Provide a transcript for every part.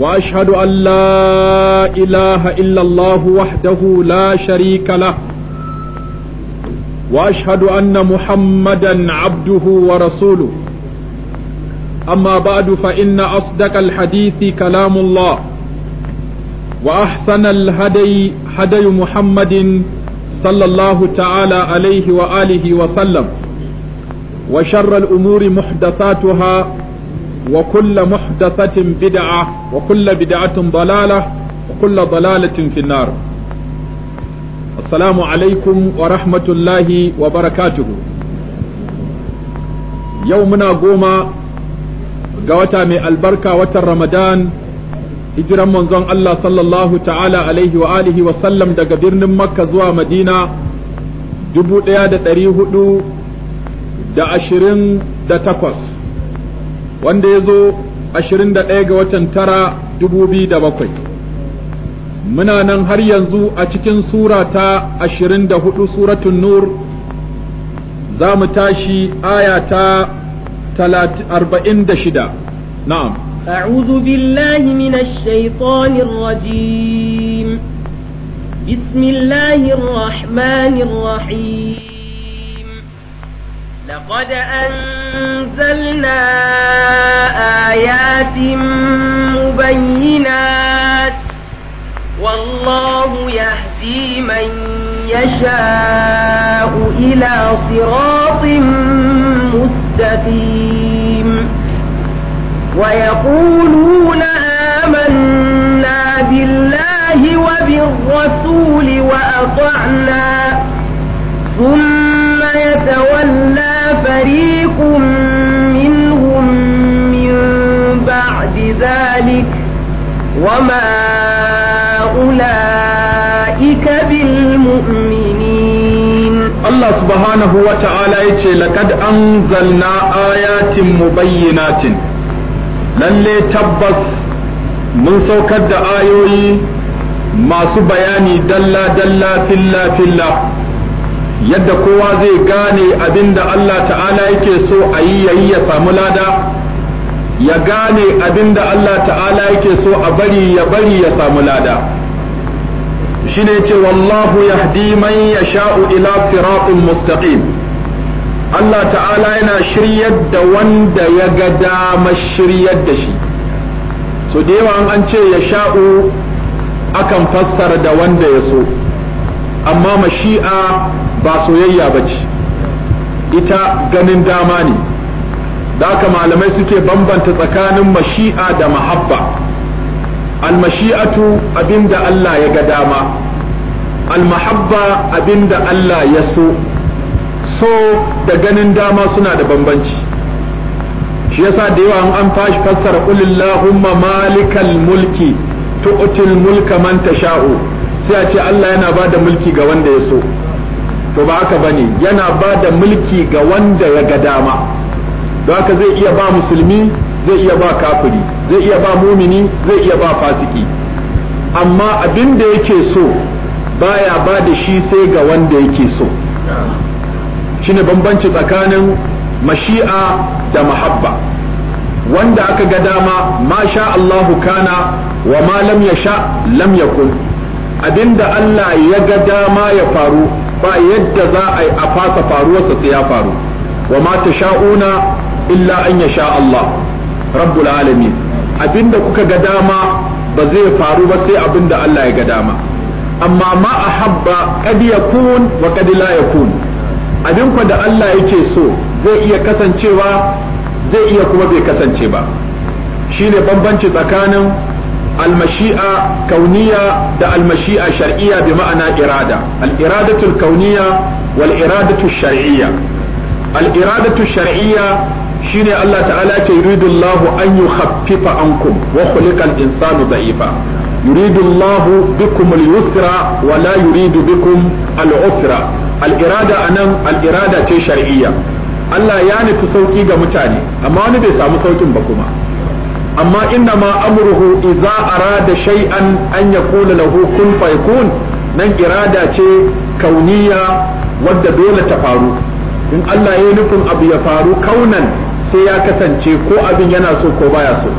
واشهد ان لا اله الا الله وحده لا شريك له واشهد ان محمدا عبده ورسوله اما بعد فان اصدق الحديث كلام الله واحسن الهدي هدي محمد صلى الله تعالى عليه واله وسلم وشر الامور محدثاتها وكل محدثة بدعة وكل بدعة ضلالة وكل ضلالة في النار السلام عليكم ورحمة الله وبركاته يومنا قوما قوتا من البركة وتر رمضان hijiran manzon Allah sallallahu ta'ala alaihi wa alihi daga birnin Makka zuwa Madina dubu ɗaya da ɗari hudu da ashirin da takwas wanda ya zo 21 ga watan tara 2007 muna nan har yanzu a cikin sura ta 24 suratun nur za mu tashi aya ta 46 na'am أعوذ بالله من الشيطان الرجيم بسم الله الرحمن الرحيم لقد أنزلنا آيات مبينات والله يهدي من يشاء إلى صراط مستقيم ويقولون آمنا بالله وبالرسول وأطعنا ثم يتولى فريق منهم من بعد ذلك وما أولئك بالمؤمنين الله سبحانه وتعالى يقول لقد أنزلنا آيات مبينات lalle tabbas mun saukar da ayoyi masu bayani dalla-dalla filla-filla yadda kowa zai gane abin da Allah ta'ala yake so a yi yayi ya samu lada ya gane abin da Allah ta'ala yake so a bari ya bari ya samu lada shi ne ce wallahu yahdi man yasha'u ila siratin mustaqim Allah ta'ala yana shiryar da wanda ya ga damar shiryar da shi so da yawa an ce ya sha'u akan fassara da wanda ya so amma mashi'a ba soyayya ba ce ita ganin dama ne da malamai suke bambanta tsakanin mashi'a da mahabba almashi'atu abinda Allah ya ga dama almahabba abinda Allah ya so so da ganin dama suna da bambanci shi yasa da yawa an fashi fassara kulillahumma malikal mulki tu'til mulka man tasha'u sai a ce Allah yana ba da mulki ga wanda ya so to ba haka bane yana ba da mulki ga wanda ya ga dama don haka zai iya ba musulmi zai iya ba kafiri zai iya ba mumini zai iya ba fasiki amma abin da yake so baya ba da shi sai ga wanda yake so shine bambanci tsakanin mashi'a da mahabba wanda aka ga dama ma sha Allahu kana wa ma lam yasha lam yakun abinda Allah ya ga dama ya faru ba yadda za a yi a fasa faruwarsa sai ya faru wa ma sha'una illa an ya sha Allah rabbul alamin abinda kuka ga dama ba zai faru ba sai abinda Allah ya ga dama amma ma ahabba kad yakun wa kad la yakun abin da Allah yake so zai iya kasancewa zai iya kuma bai kasance ba shine bambanci tsakanin almashi'a kauniya da almashi'a shar'iyya bi ma'ana irada al-iradatu kauniya wal iradatu shar'iyya al-iradatu shar'iyya shine Allah ta'ala ce yuridullahu an yukhaffifa ankum wa khuliqal insanu da'ifa yuridullahu bikum al-yusra wa la yuridu bikum al-usra al-irada anan al-irada ce shar'iyya Allah ya nufi sauƙi ga mutane amma wani bai samu saukin ba kuma amma inna ma amruhu idza arada shay'an an yaqula lahu kun fayakun nan irada ce kauniya wadda dole ta faru in Allah ya nufin abu ya faru kaunan sai ya kasance ko abin yana so ko baya so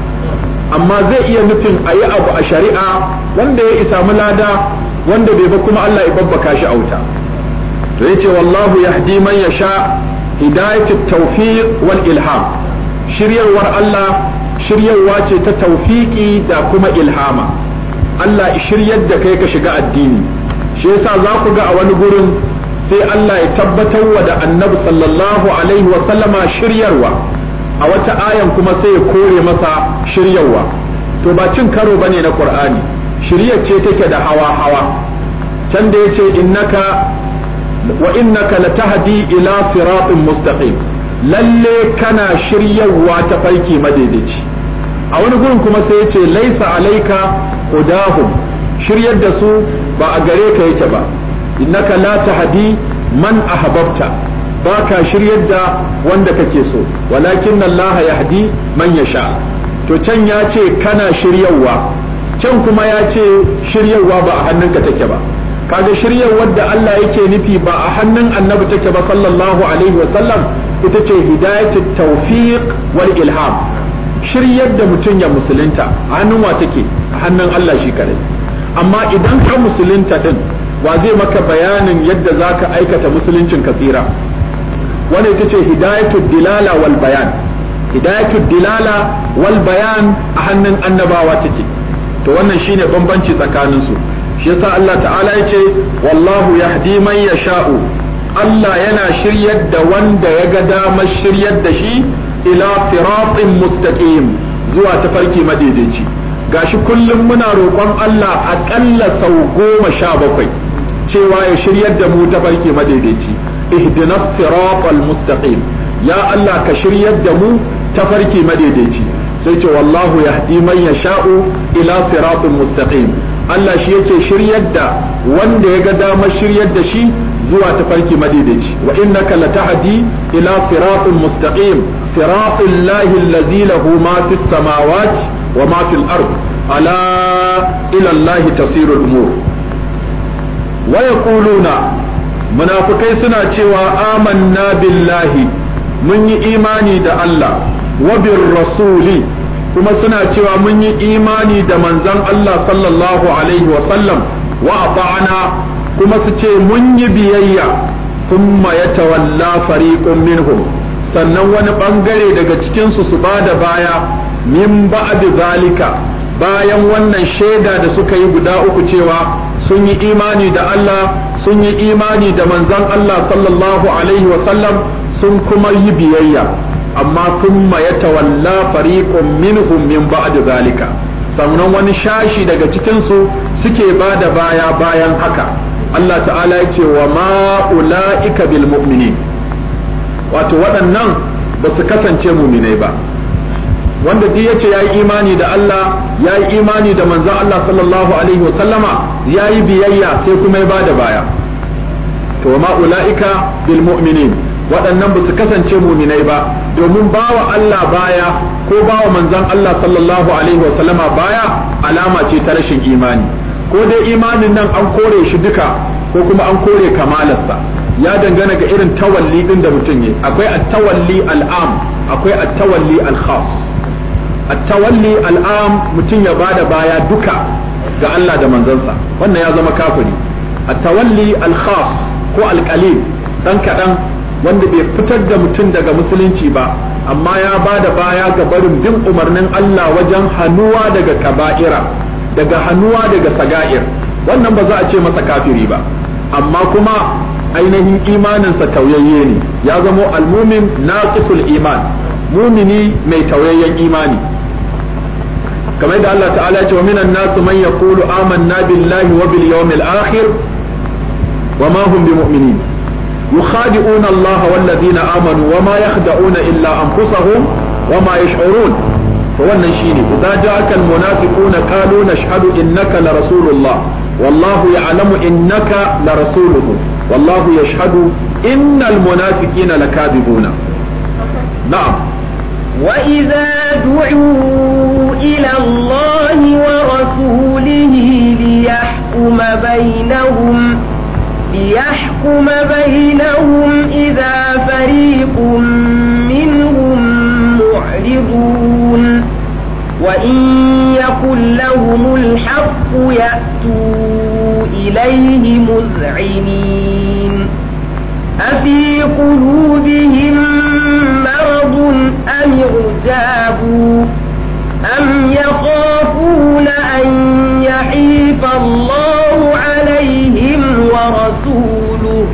amma zai iya nufin a yi abu a shari'a wanda ya isa lada wanda bai ba kuma Allah ya babbaka shi wuta to yace wallahu yahdi man yasha hidayatu tawfiq wal ilham shiryarwar Allah shiryarwa ce ta taufiki da kuma ilhama Allah shiryar da kai ka shiga addini shi yasa za ku ga a wani gurin sai Allah ya tabbatar wa da annabi sallallahu alaihi wa sallama shiryarwa a wata ayan kuma sai ya kore masa shiryarwa to ba cin karo bane na Qur'ani shiryar ce take da hawa hawa can da yace innaka wa innaka latahdi ila siratin mustaqim lalle kana shiryarwa ta farki madaidaici a wani gurin kuma sai ya ce laisa alaika hudahum shiryar da su ba a gare ka yake ba innaka la tahdi man ahbabta ba ka shiryar da wanda kake so walakin Allah yahdi man yasha to can ya ce kana shiryarwa can kuma ya ce shiryarwa ba a hannunka take ba kaga shiryarwar da Allah yake nufi ba a hannun annabi take ba sallallahu alaihi wa sallam ita ce hidayatul tawfiq wal ilham shiryar da mutum ya musulunta hannun wa take hannun Allah shi kadai amma idan ka musulunta din wa zai maka bayanin yadda za ka aikata musuluncin ka tsira wanda ita ce hidayatul dilala wal bayan hidayatul dilala wal bayan a hannun annabawa take to wannan shine bambanci tsakanin su shi yasa Allah ta'ala ya ce wallahu yahdi man yasha'u Allah yana shiryar da wanda ya ga damar shiryar da shi ila siratin mustaqim zuwa tafarki madaidaici gashi kullum muna roƙon Allah aƙalla sau goma sha bakwai cewa ya shiryar da mu tafarki madaidaici ihdinas siratal mustaqim ya Allah ka shiryar da mu tafarki madaidaici sai ce wallahu yahdi man yasha'u ila siratin mustaqim Allah shi yake shiryar da wanda ya ga damar shiryar da shi zuwa tafarki madaidaici wa innaka latahdi ila siratin mustaqim صراط الله الذي له ما في السماوات وما في الأرض ألا إلى الله تصير munafukai suna cewa amanna billahi mun yi imani da Allah wa rasuli kuma suna cewa mun yi imani da manzon Allah sallallahu alaihi wa sallam wa kuma su ce mun yi biyayya thumma yatawalla fariqun minhum sannan wani bangare daga cikinsu su ba da baya min ba'd zalika bayan wannan shaida da suka yi guda uku cewa sun yi imani da Allah sun yi imani da manzon Allah sallallahu alaihi wa sallam sun kuma yi biyayya amma kuma ya tawalla fariqun minhum min ba'd zalika sannan wani shashi daga cikinsu suke ba da baya bayan haka Allah ta'ala ya ce wa ma ula'ika bil mu'minin wato waɗannan ba su kasance muminai ba wanda duk ya yi imani da Allah ya yi imani da manzon Allah sallallahu alaihi wasallama yayi biyayya sai kuma ya da baya to ma ulaika bil mu'minin waɗannan ba su kasance muminai ba domin bawa Allah baya ko bawa manzon Allah sallallahu alaihi wasallama baya alama ce ta rashin imani ko dai imanin nan an kore shi duka ko kuma an kore kamalarsa ya dangana ga irin tawalli din da mutum yi akwai at-tawalli al akwai at-tawalli al-khas tawalli al mutum ya ba da baya duka ga Allah da manzansa wannan ya zama kafiri at-tawalli al ko al ɗan kaɗan wanda bai fitar da mutum daga musulunci ba amma ya ba da baya ga barin bin umarnin Allah wajen hanuwa daga kaba'ira daga hannuwa daga saga'ir wannan ba za a ce masa kafiri ba amma kuma ainihin imaninsa tauyayye ne ya zamo almumin naqisul iman mumini mai tauyayyen imani kamar yadda Allah ta'ala ce wa minan nasu man yaqulu amanna billahi wa bil yawmil akhir wa ma hum bimu'minin yukhadi'una Allah wal ladina amanu wa ma yakhda'una illa anfusahum wa ma yash'urun to wannan shine idza ja'aka al qalu nashhadu innaka la rasulullah والله يعلم إنك لرسوله والله يشهد إن المنافقين لكاذبون نعم وإذا دعوا إلى الله ورسوله ليحكم بينهم ليحكم بينهم إذا فريق منهم معرضون وإن يكن لهم الحق يأتون إليه مذعنين أفي قلوبهم مرض أم ارتابوا أم يخافون أن يحيف الله عليهم ورسوله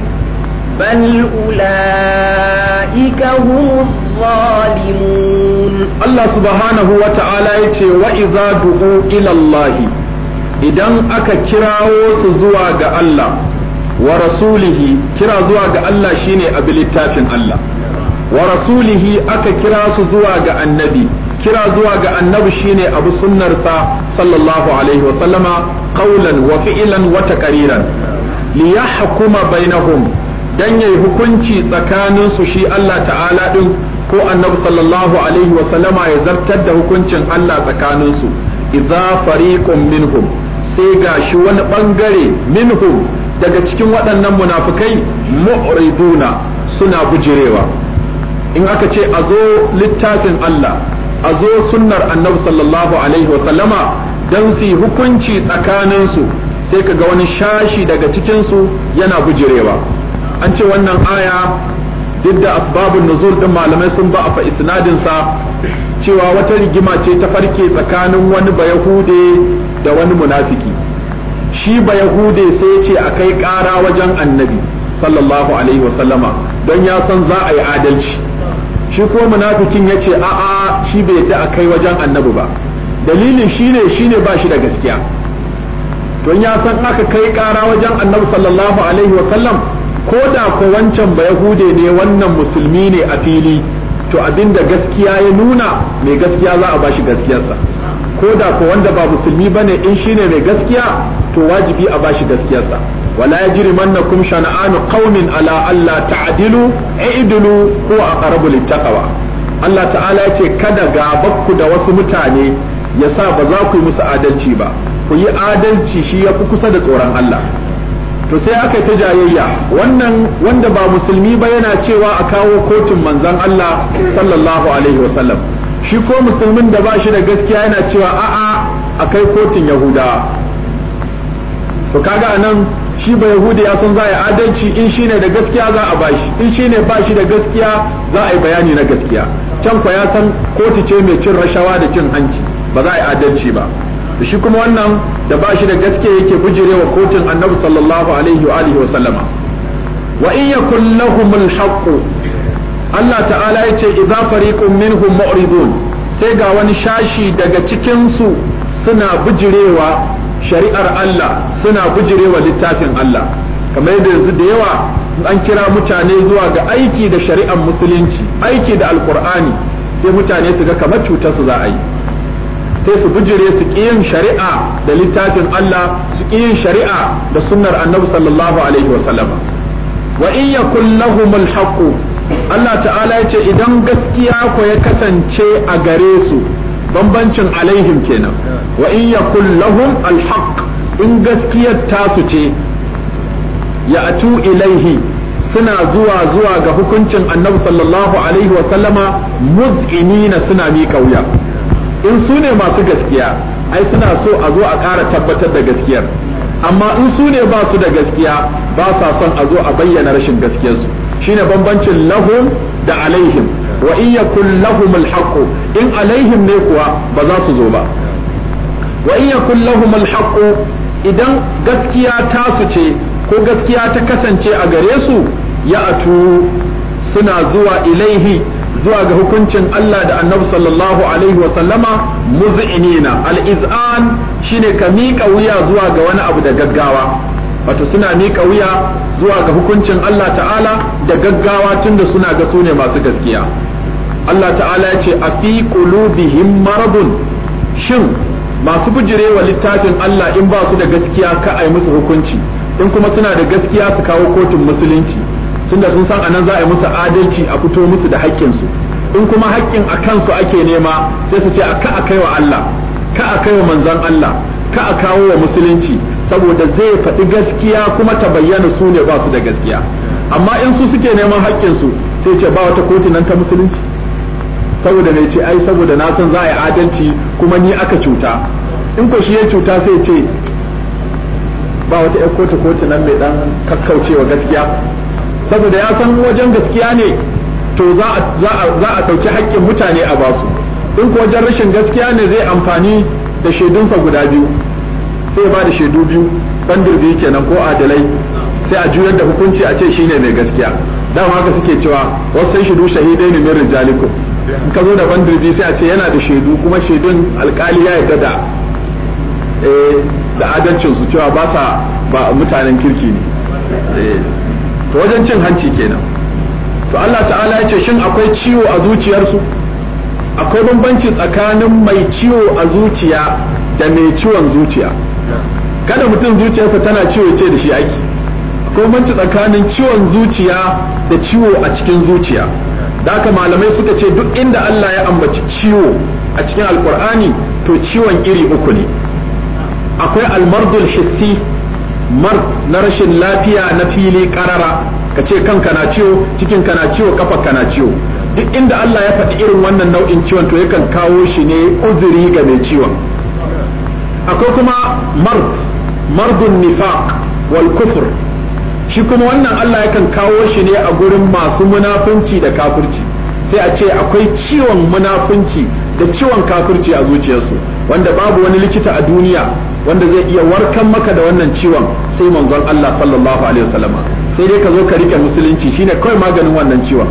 بل أولئك هم الظالمون الله سبحانه وتعالى يتي وإذا دعوا إلى الله idan aka kirawo su zuwa ga Allah wa rasulihi kira zuwa ga Allah shine abi littafin Allah wa rasulihi aka kira su zuwa ga annabi kira zuwa ga annabi shine abu sunnarsa sallallahu alaihi wa sallama qawlan wa fi'lan wa taqriran li yahkuma bainahum dan yayi hukunci tsakanin su shi Allah ta'ala din ko annabi sallallahu alaihi wa sallama ya zartar da hukuncin Allah tsakanin su idza fariqun minhum sai ga shi wani ɓangare minhum daga cikin waɗannan munafukai mu'riduna suna bujirewa in aka ce a zo littafin Allah a zo sunnar annabi sallallahu alaihi wa sallama don su hukunci tsakaninsu sai ka ga wani shashi daga cikinsu yana bujirewa an ce wannan aya duk da asbabun nuzul din malamai sun ba a fa isnadinsa cewa wata rigima ce ta farke tsakanin wani bayahude da wani munafiki shi ba yahude sai ce a kai ƙara wajen annabi sallallahu alaihi wasallama don ya san za a yi adalci shi ko munafikin ya ce a'a shi bai ta a kai wajen annabi ba dalilin shine shine ba shi da gaskiya don ya san aka kai kara wajen annabi sallallahu alaihi wasallam ko da ko wancan ba yahude ne wannan musulmi ne a fili to abinda gaskiya ya nuna mai gaskiya za a bashi gaskiyarsa ko da ko wanda ba musulmi bane in shine mai gaskiya to wajibi a bashi gaskiyarsa wala yajrimannakum shana'anu qaumin ala alla ta'dilu i'dilu ko aqrabu littaqwa Allah ta'ala yace ce kada gabakku da wasu mutane ya sa ba za ku yi musu adalci ba ku yi adalci shi ya kusa da tsoron Allah to sai aka ta jayayya wannan wanda ba musulmi ba yana cewa a kawo kotun manzon Allah sallallahu alaihi wasallam shi ko musulmin da ba shi da gaskiya yana cewa a'a a kai kotun yahudawa to kaga anan shi ba yahudi ya san za a yi adalci in shi ne da gaskiya za a bashi in shi ne ba shi da gaskiya za a yi bayani na gaskiya can ko ya san kotu ce mai cin rashawa da cin hanci ba za a yi adalci ba shi kuma wannan da ba shi da gaske yake bujirewa kotun annabi sallallahu alaihi wa alihi wa sallama wa in yakul lahumul Allah ta'ala ya ce idza fariqun minhum mu'ridun sai ga wani shashi daga cikin su suna bujirewa shari'ar Allah suna bujirewa littafin Allah kamar yadda yanzu da yawa an kira mutane zuwa ga aiki da shari'ar musulunci aiki da alkur'ani sai mutane su ga kamar cutar su za a yi sai su bijire su yin shari'a da littafin Allah su yin shari'a da sunnar annabi sallallahu alaihi wa sallama wa in yakul lahumul Allah ta'ala ya ce idan gaskiya ku ya kasance a gare su bambancin alaihim kenan wa in yakul lahum alhaq in gaskiyar tasu ce ya ya'tu ilaihi suna zuwa zuwa ga hukuncin annabi sallallahu alaihi wa sallama muz'inina suna mi kauya. in su ne masu gaskiya ai suna so a zo a ƙara tabbatar da gaskiyar amma in su ne ba su da gaskiya ba sa son a zo a bayyana rashin gaskiyarsu shine bambancin lahum da alaihim wa in yakul lahum alhaqu in alaihim ne kuwa ba za su zo ba wa in yakul lahum alhaqu idan gaskiya ta su ce ko gaskiya ta kasance a gare su ya atu suna zuwa ilaihi zuwa ga hukuncin Allah da annabi sallallahu alaihi wa sallama muz'inina al-iz'an shine ka miƙa wuya zuwa ga wani abu da gaggawa wato suna miƙa wuya zuwa ga hukuncin Allah ta'ala da gaggawa tunda suna ga sune masu gaskiya Allah ta'ala ya ce a fi qulubihim maradun shin masu bujirewa littafin Allah in ba su da gaskiya ka ai musu hukunci in kuma suna da gaskiya su kawo kotun musulunci tunda sun san anan za a yi musu adalci a fito musu da su in kuma haƙƙin a kansu ake nema sai su ce ka a kai wa Allah ka a kai manzon Allah ka a kawo wa musulunci saboda zai faɗi gaskiya kuma ta bayyana su ne ba su da gaskiya amma in su suke neman haƙƙinsu sai ce ba wata kotu nan ta musulunci saboda ne ce ai saboda na san za a yi adalci kuma ni aka cuta in ko shi ya cuta sai ce ba wata ƴar kotu kotu nan mai dan kakkaucewa gaskiya saboda ya san wajen gaskiya ne to za a ɗauki haƙƙin mutane a basu in ko wajen rashin gaskiya ne zai amfani da shaidunsa guda biyu sai ba da shaidu biyu ɗan kenan ko adalai sai a juyar da hukunci a ce shine mai gaskiya dan haka suke cewa wasu sai shaidu shahidai ne min rijalikum in ka zo da ban sai a ce yana da shaidu kuma shaidun alkali ya yarda da eh, da adalcin su cewa ba sa ba mutanen kirki ne eh, to wajen cin hanci kenan to Allah ta'ala ya ce shin akwai ciwo a zuciyarsu akwai bambanci tsakanin mai ciwo a zuciya da mai ciwon zuciya kada mutum zuciyarsa tana ciwo ce da shi aiki ko tsakanin ciwon zuciya da ciwo a cikin zuciya da haka malamai suka ce duk inda Allah ya ambaci ciwo a cikin alkur'ani to ciwon iri uku ne akwai almardul hissi mar na rashin lafiya na fili karara ka ce kanka na ciwo cikin na ciwo kafa kana ciwo duk inda Allah ya faɗi irin wannan nau'in ciwon to yakan kawo shi ne uzuri ga mai ciwon akwai kuma mard mardun nifaq wal kufr shi kuma wannan Allah yakan kawo shi ne a gurin masu munafunci da kafirci sai a ce akwai ciwon munafunci da ciwon kafirci a zuciyarsu wanda babu wani likita a duniya wanda zai iya warkar maka da wannan ciwon sai manzon Allah sallallahu alaihi wasallama sai dai ka zo ka rike musulunci shine kawai maganin wannan ciwon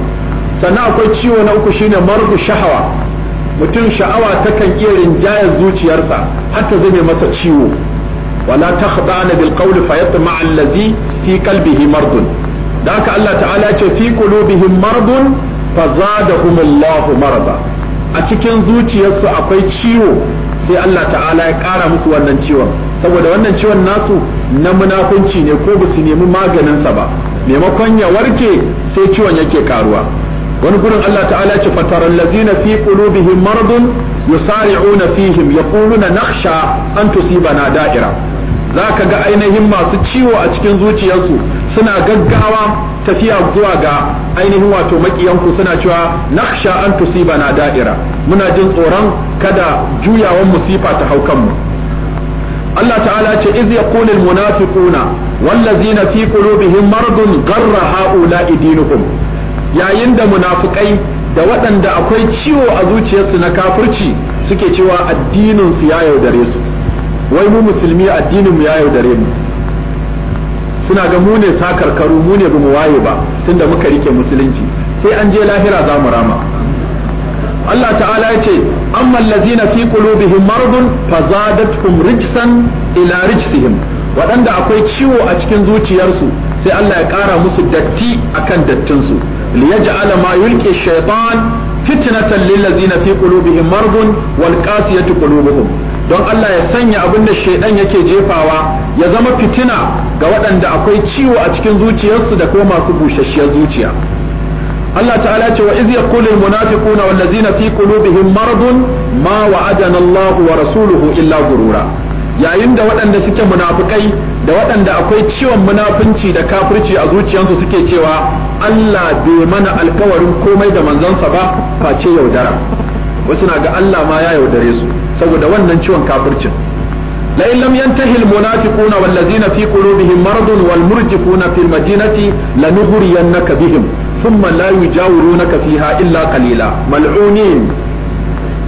sannan akwai ciwo na uku shine margu shahawa mutum sha'awa takan iya rinjayar zuciyarsa har ta zame masa ciwo wala takhda'na bil qawli fayatma'a allazi fi qalbihi mardun da haka Allah ta'ala ce fi qulubihim mardun da Allahu marada a cikin zuciyarsu akwai ciwo sai Allah ta'ala ya ƙara musu wannan ciwon saboda wannan ciwon nasu na munafunci ne ko ba su nemi maganinsa ba maimakon ya warke sai ciwon yake karuwa wani gurin Allah ta'ala ce fataral ladzina fi qulubihim maradun yusari'una fihim yaquluna nakhsha an tusibana da'ira zaka ga ainihin masu ciwo a cikin zuciyarsu suna gaggawa tafiya zuwa ga ainihin wato makiyanku suna cewa nakhsha an tusibana da'ira muna jin tsoron kada juyawan musifa ta hau kanmu Allah ta'ala ce iz yaqulu al munafiquna wallazina fi qulubihim maradun gharra ha'ula'i dinuhum yayin da munafukai da waɗanda akwai ciwo a zuciyarsu na kafirci suke cewa addininsu su ya yaudare su wai mu musulmi addinin mu ya yaudare mu suna ga mu ne sakarkaru mu ne bamu waye ba tunda muka rike musulunci sai an je lahira za mu rama Allah ta'ala ya ce amma allazina fi qulubihim maradun fazadatkum rijsan ila rijsihim waɗanda akwai ciwo a cikin zuciyarsu sai Allah ya ƙara musu datti akan dattinsu ليجعل ما يلقي الشيطان فتنة للذين في قلوبهم مرض والقاسية قلوبهم don Allah ya sanya abin da shaidan yake jefawa ya zama fitina ga waɗanda akwai ciwo a cikin zuciyarsu da kuma masu bushashiyar zuciya Allah ta'ala ce wa iz yaqulu al munafiquna wal ladzina fi qulubihim maradun ma wa'adana Allah wa rasuluhu illa gurura yayin da waɗanda suke munafikai da waɗanda akwai ciwon munafunci da kafirci a zuciyarsu suke cewa Allah bai mana alkawarin komai da manzansa ba face yaudara wasu na ga Allah ma ya yaudare su saboda wannan ciwon kafircin la in lam yantahi al munafiquna wal ladzina fi qulubihim maradun wal murjifuna fil madinati lanughriyannaka bihim thumma la yujawirunaka fiha illa qalila mal'unin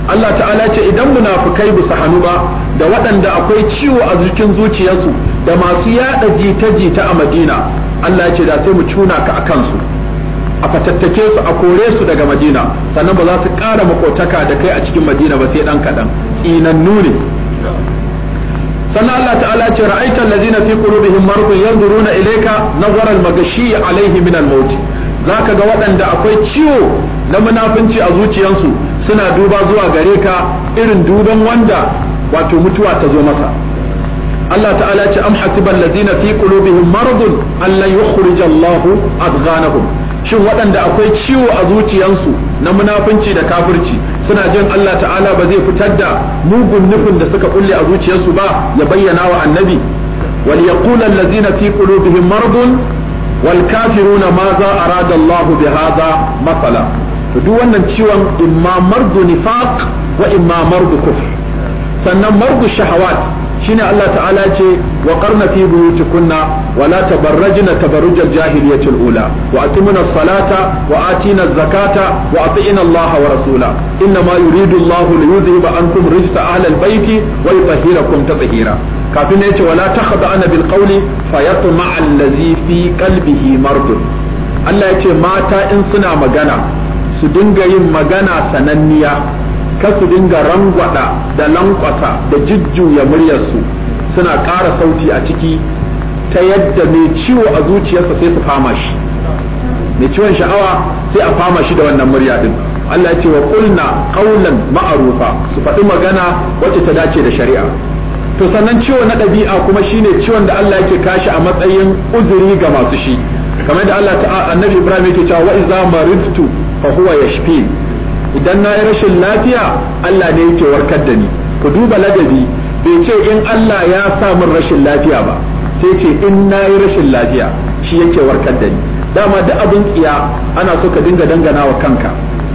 Allah ta'ala ce idan munafikai bu hannu ba da waɗanda akwai ciwo a cikin zuciyarsu da masu yada jita-jita a madina Allah ya ce da sai mu cuna ka a kansu a fatattake su a kore su daga madina sannan ba za su ƙara makotaka da kai a cikin madina ba sai dan kaɗan inan ne sannan Allah ta'ala ce ra'aita allazina fi qulubihim maradun yanzuruna ilayka nazara al-magashi alaihi min al-maut zaka ga waɗanda akwai ciwo na munafunci a zuciyansu suna duba zuwa gare ka irin duban wanda wato mutuwa ta zo masa Allah ta'ala ce am hasiban lazina fi qulubihim maradun allan yukhrij Allah adghanahum shin waɗanda akwai ciwo a zuciyansu na munafunci da kafirci suna jin Allah ta'ala ba zai fitar da mugun nufin da suka kulle a zuciyarsu ba ya bayyana wa annabi wal yaqulu allazina fi qulubihim maradun wal kafiruna ma za arada Allah bi hadha masala to duk wannan ciwon imma mardu nifaq wa imma mardu kufr sannan mardu shahawat shine Allah ta'ala ce wa qarna fi buyutikunna wa la tabarrajna tabarrujal jahiliyatil ula wa atimna salata wa atina zakata wa atina Allah wa rasula inna ma yuridu Allah li yudhhiba ankum rijsa ahli albayti wa yutahhirakum tatheera kafin yace wa la takhda'na bil qawli fayatma allazi fi qalbihi marad Allah yace mata in suna magana su dinga yin magana sananniya kasu dinga rangwada da lankwasa da jujjuya muryarsu suna ƙara sauti a ciki ta yadda mai ciwo a zuciyarsa sai su fama shi mai ciwon sha'awa sai a fama shi da wannan murya din Allah ya ce wa ƙulna qaulan ma'rufa su faɗi magana wacce ta dace da shari'a to sannan ciwo na ɗabi'a kuma shine ciwon da Allah yake kashi a matsayin uzuri ga masu shi kamar da Allah ta annabi Ibrahim yake cewa wa iza maridtu fa huwa yashfi idan na yi rashin lafiya Allah ne yake warkar da ni ku duba ladabi bai ce in Allah ya sa min rashin lafiya ba sai ce in na yi rashin lafiya shi yake warkar da ni dama da abin tsiya ana so ka dinga dangana wa kanka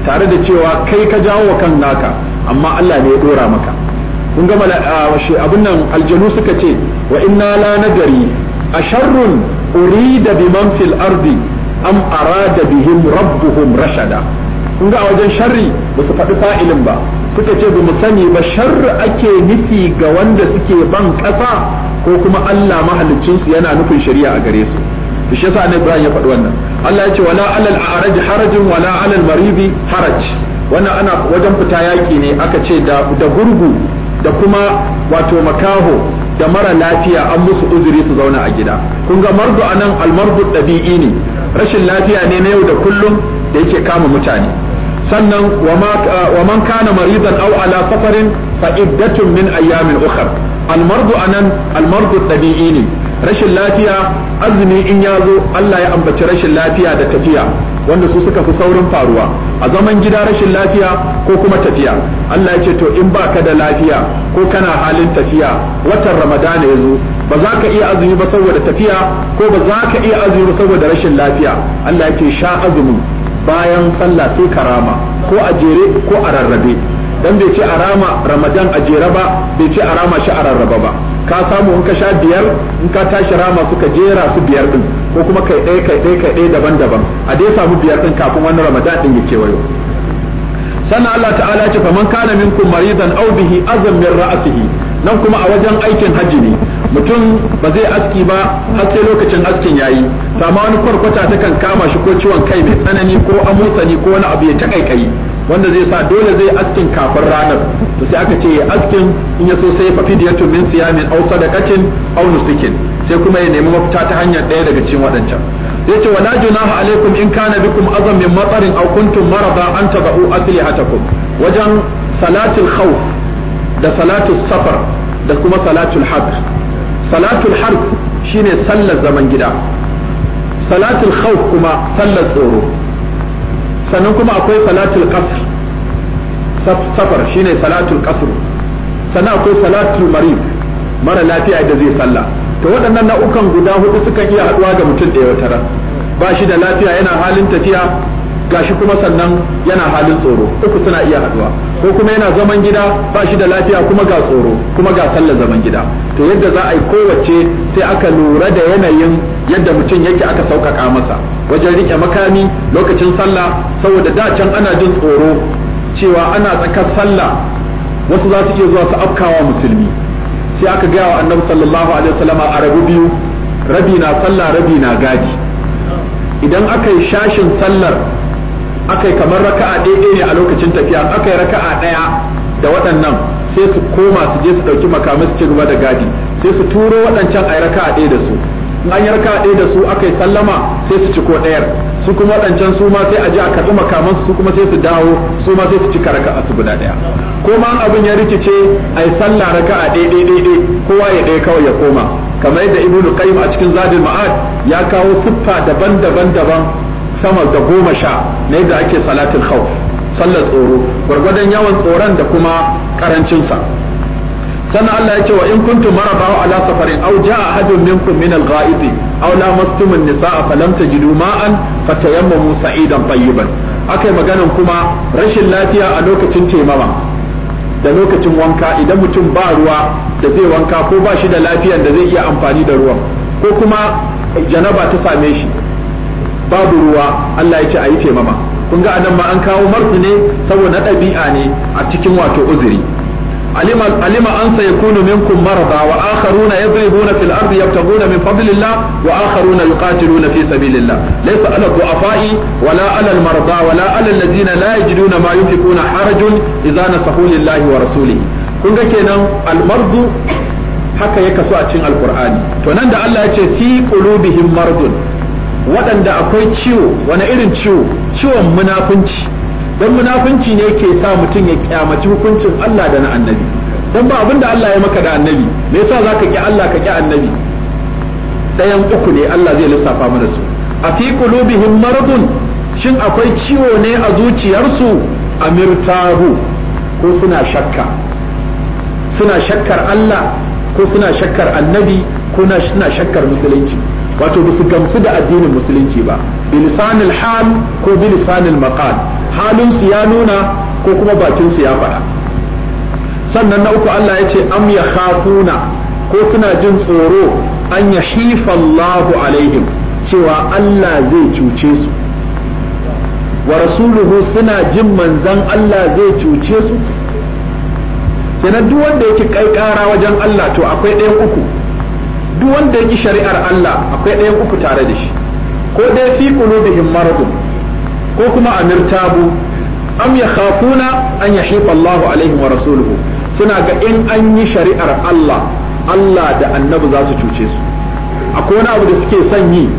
tare da cewa kai ka jawo wa kan naka amma Allah ne ya dora maka kun ga abin nan aljanu suka ce wa inna la nadari asharrun urida biman fil ardi am arada bihim rabbuhum rashada kun ga a wajen sharri ba su faɗi fa'ilin ba suka ce ba mu sani ba sharri ake nufi ga wanda suke ban ƙasa ko kuma Allah su yana nufin shari'a a gare su da shi yasa ya faɗi wannan Allah ya ce wala alal a'raj harajin wala alal maridi haraj wannan ana wajen fita yaƙi ne aka ce da da gurgu da kuma wato makaho da mara lafiya an musu uzuri su zauna a gida kun ga mardu anan almardu ɗabi'i ne rashin lafiya ne na yau da kullum da yake kama mutane sannan wa man kana maridan aw ala safarin fa iddatun min ayyamin ukhra almardu anan almardu tabi'i ne rashin lafiya azumi in ya zo Allah ya ambaci rashin lafiya da tafiya wanda su suka fi saurin faruwa a zaman gida rashin lafiya ko kuma tafiya Allah ya ce to in baka da lafiya ko kana halin tafiya watan ramadana ya zo ba za ka iya azumi ba saboda tafiya ko ba za ka iya azumi ba saboda rashin lafiya Allah ya ce sha azumin bayan sallah sai karama ko a jere ko a rarrabe dan bai ce arama ramadan a jere ba bai ce arama shi a rarrabe ba ka samu in ka sha biyar in ka tashi rama suka jera su biyar din ko kuma kai ɗaya kai ɗaya kai ɗaya daban-daban a dai samu biyar din kafin wani ramadan din ya kewayo sannan Allah ta'ala ce faman kana minkum maridan aw bihi azam min ra'sihi nan kuma a wajen aikin hajji ne mutum ba zai aski ba har sai lokacin askin yayi to amma wani kwarkwata ta kan kama shi ko ciwon kai mai tsanani ko amotsani ko wani abu ya ta kaikayi wanda zai sa dole zai askin kafin ranar to sai aka ce ya askin in ya so sai ya fafi diyatu min siyamin aw sadaqatin aw nusukin sai kuma ya nemi mafita ta hanyar ɗaya daga cikin waɗancan sai ce wala junaha alaikum in kana bikum azam min matarin aw kuntum marada an tabu aslihatakum wajen salatul khawf da salatu safar da kuma salatul harb salatul harb shine sallar zaman gida salatul khawf kuma sallar tsoro sannan kuma akwai salatu qasr safar shine salatul qasr sannan akwai salatu marid mara lafiya da zai sallah to waɗannan na'ukan guda hudu sukan iya haɗuwa ga mutum ɗaya wata tara ba shi da lafiya yana halin tafiya gashi kuma sannan yana halin tsoro uku suna iya haduwa ko kuma yana zaman gida ba shi da lafiya kuma ga tsoro kuma ga sallar zaman gida to yadda za a yi kowace sai aka lura da yanayin yadda mutum yake aka sauƙaƙa masa wajen rike makami lokacin sallah saboda da can ana jin tsoro cewa ana tsakar sallah wasu za su iya zuwa su afkawa musulmi sai aka gaya wa annabi sallallahu alaihi wasallam a rabu biyu rabi na sallah rabi na gadi idan aka yi shashin sallar aka yi kamar raka'a daidai ne a lokacin tafiya aka yi raka'a ɗaya da waɗannan sai su koma su je su ɗauki makamai su ci gaba da gadi sai su turo waɗancan a yi raka'a ɗaya da su in an yi raka'a ɗaya da su aka yi sallama sai su ci ko ɗayar su kuma waɗancan su ma sai a ji a karɓi makaman su kuma sai su dawo su ma sai su cika raka'a su guda ɗaya ko ma abin ya rikice a yi sallah raka'a ɗaya ɗaya ɗaya kowa ya ɗaya kawai ya koma kamar yadda ibnu qayyim a cikin zadul ma'ad ya kawo siffa daban-daban daban sama da goma sha na yadda ake salatin khawf sallar tsoro gwargwadon yawan tsoron da kuma karancinsa sannan Allah ya ce wa in kuntum marada ala safarin aw jaa ahadun minkum min al-ghaibi aw lamastum an-nisaa yamma tajidu ma'an fatayammamu sa'idan tayyiban akai maganan kuma rashin lafiya a lokacin taimama da lokacin wanka idan mutum ba ruwa da zai wanka ko ba shi da lafiyan da zai iya amfani da ruwan ko kuma janaba ta same shi babu ruwa Allah ya ce a yi taimama kun ga anan ma an kawo martu ne saboda ɗabi'a ne a cikin wato uzuri alima alima an sayakunu minkum marada wa akharuna yadribuna fil ardi yabtaguna min fadlillah wa akharuna yuqatiluna fi sabilillah laysa ala du'afai wala ala al marada wala ala alladhina la yajiduna ma yunfiquna harajun idza nasahu lillahi wa rasulihi kun ga kenan al mardu haka ya kasu a cikin alqur'ani to nan da Allah ya ce fi qulubihim mardun waɗanda akwai ciwo wani irin ciwo ciwon munafunci don munafunci ne ke sa mutum ya kyamaci hukuncin Allah da na annabi don ba abinda Allah ya maka da annabi me yasa ka ki Allah ka ki annabi ɗayan uku ne Allah zai lissafa mana su a fi qulubihim maradun shin akwai ciwo ne a zuciyarsu amirtahu ko suna shakka suna shakkar Allah ko suna shakkar annabi ko suna shakkar musulunci wato ba su gamsu da addinin musulunci ba bilisanil hal ko bilisanil maqal halin su ya nuna ko kuma bakin su ya faɗa sannan na uku Allah ya ce am ya khafuna ko suna jin tsoro an ya Allahu alaihim cewa Allah zai cuce su wa rasuluhu suna jin manzan Allah zai cuce su kenan duk wanda yake kai kara wajen Allah to akwai ɗaya uku duk wanda ya ki shari'ar Allah akwai ɗayan uku tare da shi ko dai fi qulubihim maradun ko kuma amirtabu am yakhafuna an yahifa Allahu alaihim wa rasuluhu suna ga in an yi shari'ar Allah Allah da annabi za su cuce su akwai wani abu da suke son yi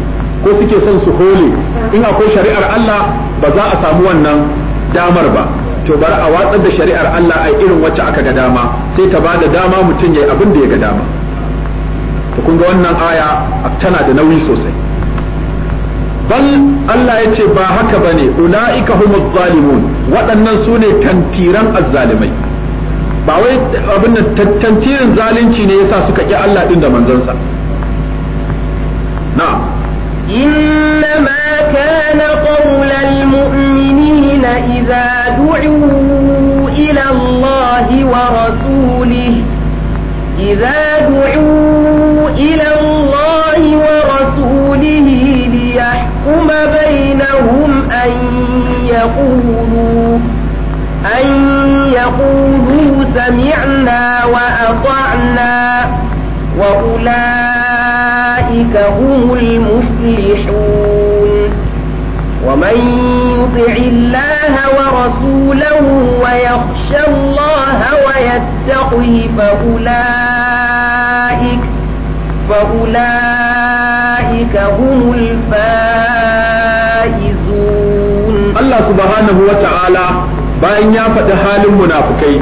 ko suke son su hole in akwai shari'ar Allah ba za a samu wannan damar ba to bar a watsar da shari'ar Allah a irin wacce aka ga dama sai ta bada dama mutum ya yi abin da ya ga dama to kun ga wannan aya tana da nauyi sosai bal Allah ya ce ba haka bane ulaika humuz zalimun waɗannan su ne tantiran azzalimai ba wai abin da tantirin zalunci ne yasa suka ƙi Allah din da manzansa na'am إنما كان قول المؤمنين إذا دعوا إلى الله ورسوله إذا دعوا إلى الله ورسوله ليحكم بينهم أن يقولوا أن يقولوا سمعنا وأطعنا وأولئك هم المفلحون ومن يطع الله ورسوله ويخشى الله ويتقه فأولئك فأولئك هم الفائزون الله سبحانه وتعالى bayan ya faɗi halin munafukai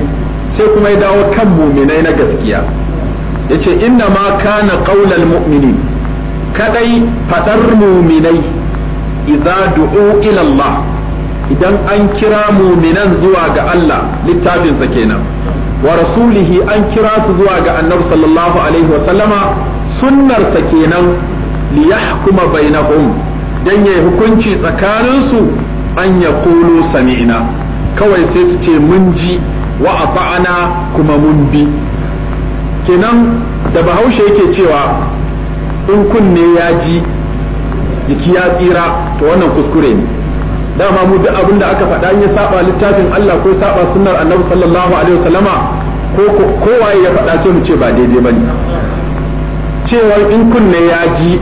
sai kuma ya dawo kan muminai na gaskiya yace inna ma kana ƙaular mumini kadai faɗar muminai idza du'u ila idan an kira muminan zuwa ga Allah littafinsa kenan wa rasulihi an kira su zuwa ga annabi sallallahu alaihi wa sallama sunnarsa kenan li yahkuma bainahum dan yayi hukunci tsakaninsu an yaqulu sami'na kawai sai su ce mun ji wa ata'ana kuma mun bi kenan da bahaushe yake cewa in kunne ya ji jiki ya tsira to wannan kuskure ne dama mu duk abin aka faɗa in ya saba littafin Allah ko saba sunnar Annabi sallallahu alaihi wasallama ko kowaye ya faɗa sai mu ce ba daidai bane cewar in kunne ya ji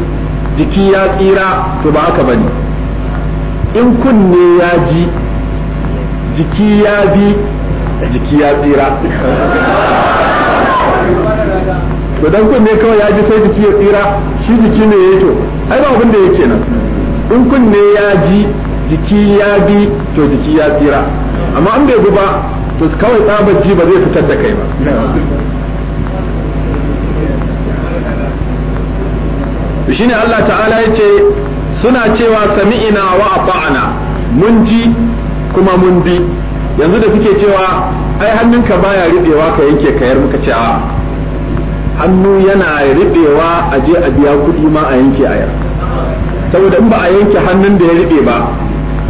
jiki ya tsira to ba haka bane in kunne ya ji jiki ya bi jiki ya tsira to dan kunne kawai ya ji sai jiki ya tsira shi jiki ne ya to ai ba abin da yake nan in kunne ya ji jiki ya bi to jiki ya tsira amma an bai guba ba to kawai tsabar ji ba zai fitar da kai ba to shine Allah ta'ala ya ce suna cewa sami'ina wa ata'ana mun ji kuma mun bi yanzu da suke cewa ai hannunka baya riɓewa ka yanke yar muka ce a hannu yana ribewa a je a biya kuɗi ma a yanke aya saboda in ba a yanke hannun da ya riɓe ba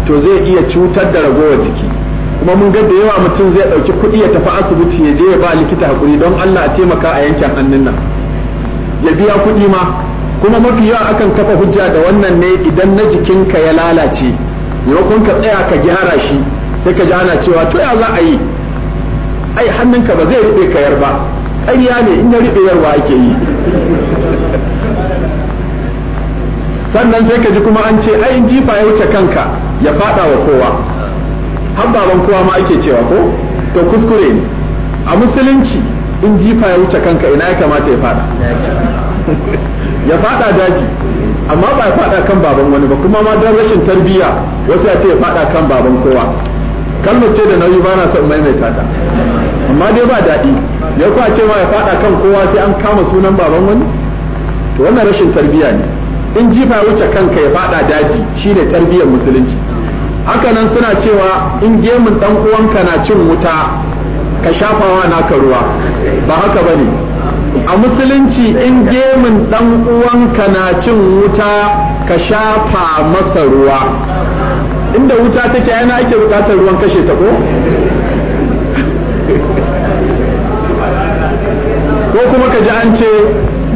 to zai iya cutar da ragowar jiki kuma mun ga da yawa mutum zai ɗauki kuɗi ya tafi asibiti ya je ya ba likita hakuri don Allah a taimaka a yankin hannun nan ya biya kuɗi ma kuma mafi yawa akan kafa hujja da wannan ne idan na jikinka ya lalace maimakon ka tsaya ka gyara shi sai ka ji ana cewa to ya za a yi ai hannunka ba zai rufe kayar ba ƙarya ne in ya rufe yarwa ake yi sannan sai ka ji kuma an ce ai in jifa ya wuce kanka ya fada wa kowa har baban kowa ma ake cewa ko to kuskure ne a musulunci in jifa ya wuce kanka ina ya kamata ya fada ya fada daji amma ba ya fada kan baban wani ba kuma ma don rashin tarbiyya wasu ya ce ya fada kan baban kowa kalmar ce da nauyi ba na son maimaita ta amma dai ba daɗi ya kuwa ce ma ya fada kan kowa sai an kama sunan baban wani to wannan rashin tarbiyya ne in jifa ya wuce kanka ya fada daji shine tarbiyyar musulunci haka nan suna cewa in gemun dan uwanka na cin wuta ka shafawa naka ruwa ba haka bane a musulunci in gemin dan uwanka na cin wuta ka shafa masa ruwa inda wuta take yana ake bukatar ruwan kashe ta ko ko kuma ka ji an ce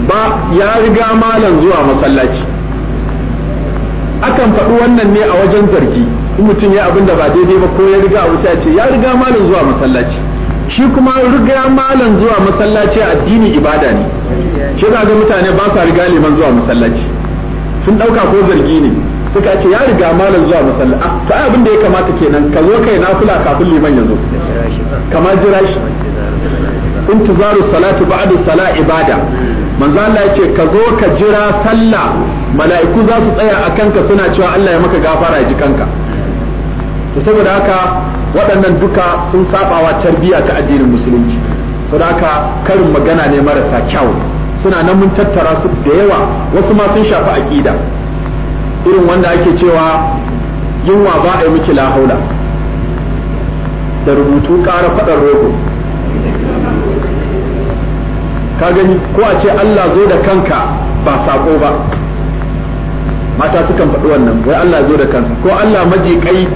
ba ya riga malam zuwa masallaci akan faɗi wannan ne a wajen zargi in mutum ya abin da ba daidai ba ko ya riga a wuta ce ya riga malam zuwa masallaci shi kuma riga malam zuwa masallaci addini ibada ne shi ga mutane ba sa riga liman zuwa masallaci sun dauka ko zargi ne suka ce ya riga malam zuwa masallaci ah, to ai abin da ya kamata kenan ka zo kai nafila kafin liman ya zo kamar jira shi intizaru salatu ba'da sala ibada manzo Allah yace ka zo ka jira sallah mala'iku za su tsaya a kanka suna cewa Allah ya maka gafara ji kanka to saboda haka waɗannan duka sun sabawa tarbiyya ta addinin musulunci saboda haka karin magana ne marasa kyau suna nan mun tattara su da yawa wasu ma sun shafi aqida irin wanda ake cewa yunwa ba a yi miki lahaula da rubutu ƙara faɗar rogo ka gani ko a ce Allah zo da kanka ba saƙo ba mata sukan faɗi wannan wai Allah zo da kansa ko Allah maji kai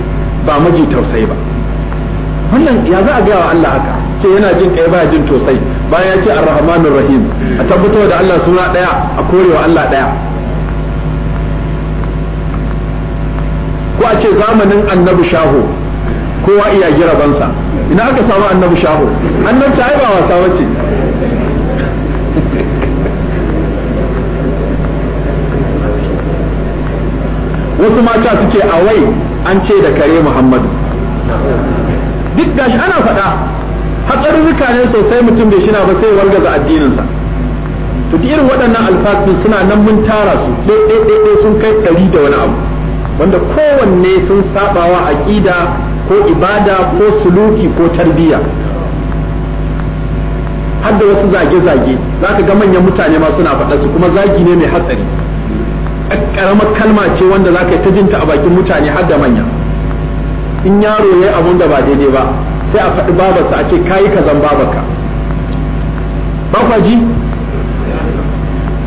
ba maji tausayi ba wannan ya za a gaya wa Allah haka ce yana jin kai ba jin tosai bayan ya ce ar rahmanur rahim a tabbatar da Allah suna daya a korewa Allah daya ko a ce zamanin annabi shaho kowa iya girabansa ina aka samu annabi shaho annabta ta ba wasa bace wasu mata suke awai an ce da kare muhammadu duk gashi ana faɗa hatsarurruka ne sosai mutum bai shina ba sai wargaza addininsa to duk irin waɗannan alfasin suna nan mun tara su ɗaiɗaiɗaiɗai sun kai ɗari da wani abu wanda kowanne sun saɓawa aƙida ko ibada ko suluki ko tarbiyya har da wasu zage-zage za ka ga manyan mutane ma suna faɗa su kuma zagi ne mai hatsari ƙaramar kalma ce wanda za ka yi ta jinta a bakin mutane har da manya in yaro yi abun da ba daidai ba sai a faɗi babarsa a ce kayi kazan babarka ba ji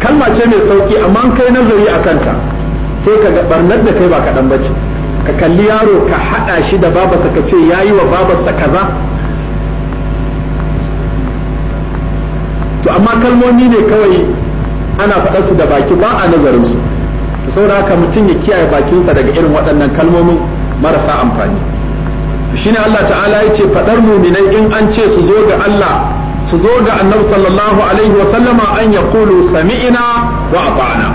kalma ce mai sauki amma kai nazari a kanta sai ka ga barnar da kai ba kaɗan ba ce ka kalli yaro ka haɗa shi da babarsa ka ce yayi wa babarsa kaza to amma kalmomi ne kawai ana faɗa su da baki ba a nazarin su saboda haka mutum ya kiyaye bakinsa daga irin waɗannan kalmomin marasa amfani shine Allah ta'ala ya ce faɗar muminai in an ce su zo ga Allah su zo ga Annabi sallallahu alaihi wa sallama an yaqulu samiina wa ata'na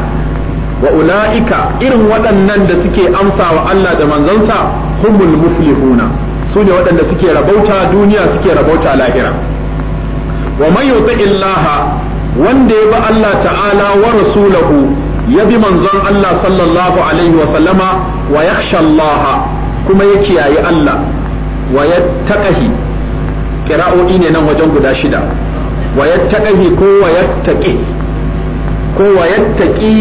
wa ulaika irin waɗannan da suke amsa wa Allah da manzansa humul muflihuna su ne waɗanda suke rabauta duniya suke rabauta lahira wa man yuti illaha wanda ya bi Allah ta'ala wa rasulahu Yabi manzon Allah sallallahu alaihi wa sallama wa yakhsha Allah kuma ya kiyaye Allah wa yattaqi qira'o'i ne nan wajen guda shida wa yattaqi ko wa yattaqi ko wa yattaqi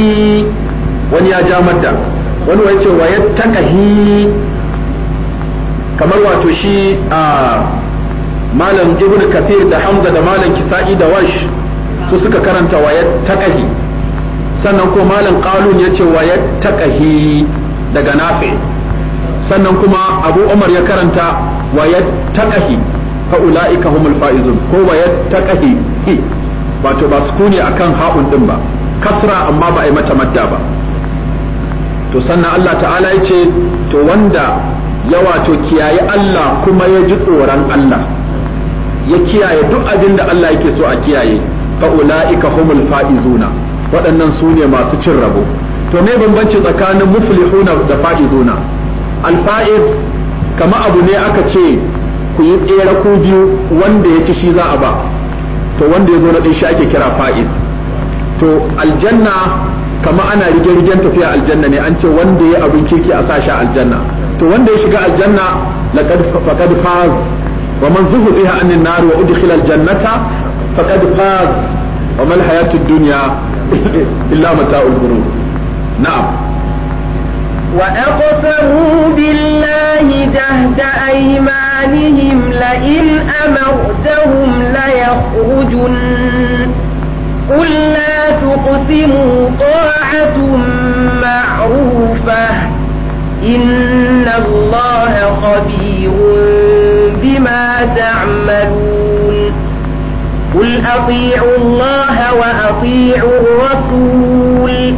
wani ya ja madda. wani wace wa yattaqi kamar wato shi a malam ibnu kathir da hamza da malam kisa'i da wash su suka karanta wa yattaqi sannan ko malam qalun ya ce wa ya yattaqahi daga nafi sannan kuma abu umar ya karanta wa ya yattaqahi fa ulaika humul faizun ko wa yattaqahi wato ba a akan ha'un ɗin ba kasra amma ba a yi mata madda ba to sannan Allah ta'ala ya ce to wanda ya wato kiyaye Allah kuma ya ji tsoron Allah ya kiyaye duk abin da Allah yake so a kiyaye fa ulaika humul faizuna waɗannan su ne masu cin rabo to me bambanci tsakanin muflihuna da fa'iduna alfa'id kama abu ne aka ce ku yi tsere ku biyu wanda ya ci shi za a ba to wanda ya zo na ɗin shi ake kira fa'id to aljanna kama ana rige-rigen tafiya aljanna ne an ce wanda ya abin kirki a sa aljanna to wanda ya shiga aljanna laqad faqad faz wa man zuhziha anin nar wa udkhila aljannata faqad faz وما الحياة الدنيا إلا متاع الغرور نعم وأقسموا بالله جهد أيمانهم لئن أمرتهم ليخرجن قل لا تقسموا طاعة معروفة إن الله خبير بما تعملون قل أطيعوا الله وأطيعوا الرسول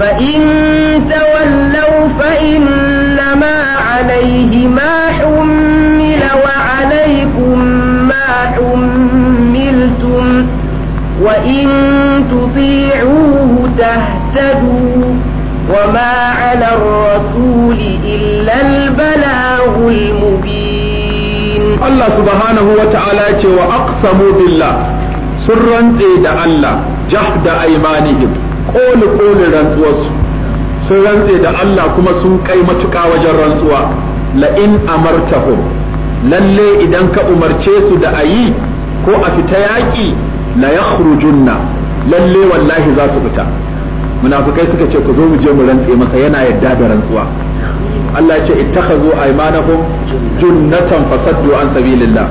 فإن تولوا فإنما عليه ما حمل وعليكم ما حملتم وإن تطيعوه تهتدوا وما على الرسول إلا البلاغ المبين Allah subhanahu wa ta'ala ya ce wa aqsamu billah sun rantse da Allah jahda aymanihim koli koli rantsuwarsu sun rantse da Allah kuma sun kai matuƙa wajen rantsuwa la in amartahum lalle idan ka umarce su da ayi ko a fita yaƙi la yakhrujunna lalle wallahi za su fita munafukai suka ce ku zo mu je mu rantse masa yana yadda da rantsuwa Allah ya ce ittakhazu aymanahum junnatan fasaddu an sabilillah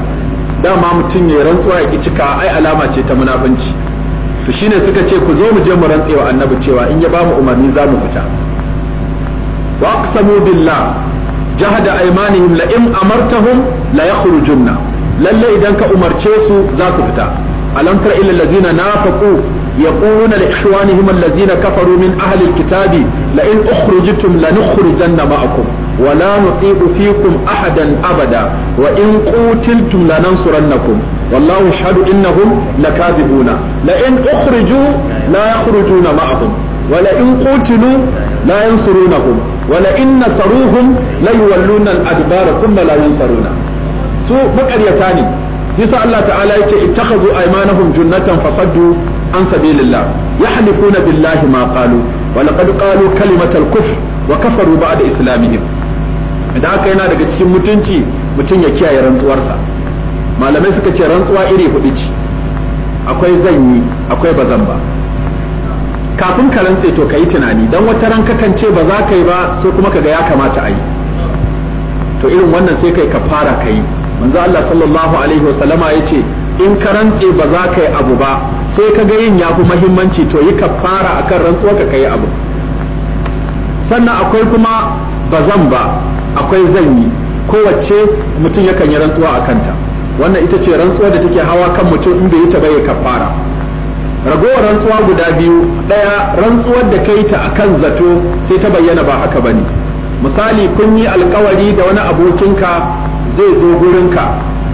dama mutum ya rantsuwa ya cika ai alama ce ta munafunci to shine suka ce ku zo mu je mu rantsewa annabi cewa in ya ba mu umarni za mu fita wa aqsamu billah jahada aymanihim la in amartahum la yakhrujunna lalle idan ka umarce su za su fita alam tara illal ladina nafaqu يقولون لإخوانهم الذين كفروا من أهل الكتاب لئن أخرجتم لنخرجن معكم ولا نطيع فيكم أحدا أبدا وإن قتلتم لننصرنكم والله يشهد إنهم لكاذبون لئن أخرجوا لا يخرجون معهم ولئن قتلوا لا ينصرونهم ولئن نصروهم ليولون الأدبار ثم لا ينصرون سوء مقريتان yasa Allah ta'ala yace ittakhadhu aymanahum junnatan fasaddu an sabilillah yahlifuna billahi ma qalu wa laqad qalu kalimatal kufr wa kafaru ba'da islamihim idan haka yana daga cikin mutunci mutum ya kiyaye rantsuwarsa malamai suka ce rantsuwa iri hudu ce akwai zanyi akwai bazan ba kafin ka rantse to ka tunani dan wata ran kakan ba za ka yi ba sai kuma kaga ya kamata a yi to irin wannan sai kai ka fara ka yi manzo Allah sallallahu alaihi wasallama yace in ka rantse ba za ka yi abu ba sai ka ga yin ya yafi muhimmanci to yi kafara akan rantsuwa ka kai abu sannan akwai kuma bazan ba akwai zan yi kowace mutum yakan yi rantsuwa a kanta wannan ita ce rantsuwa da take hawa kan mutum in bai yi ta ba ya kafara ragowar rantsuwa guda biyu ɗaya rantsuwar da kai ta akan zato sai ta bayyana ba haka bane misali kun yi alkawari da wani abokinka zai zo gurinka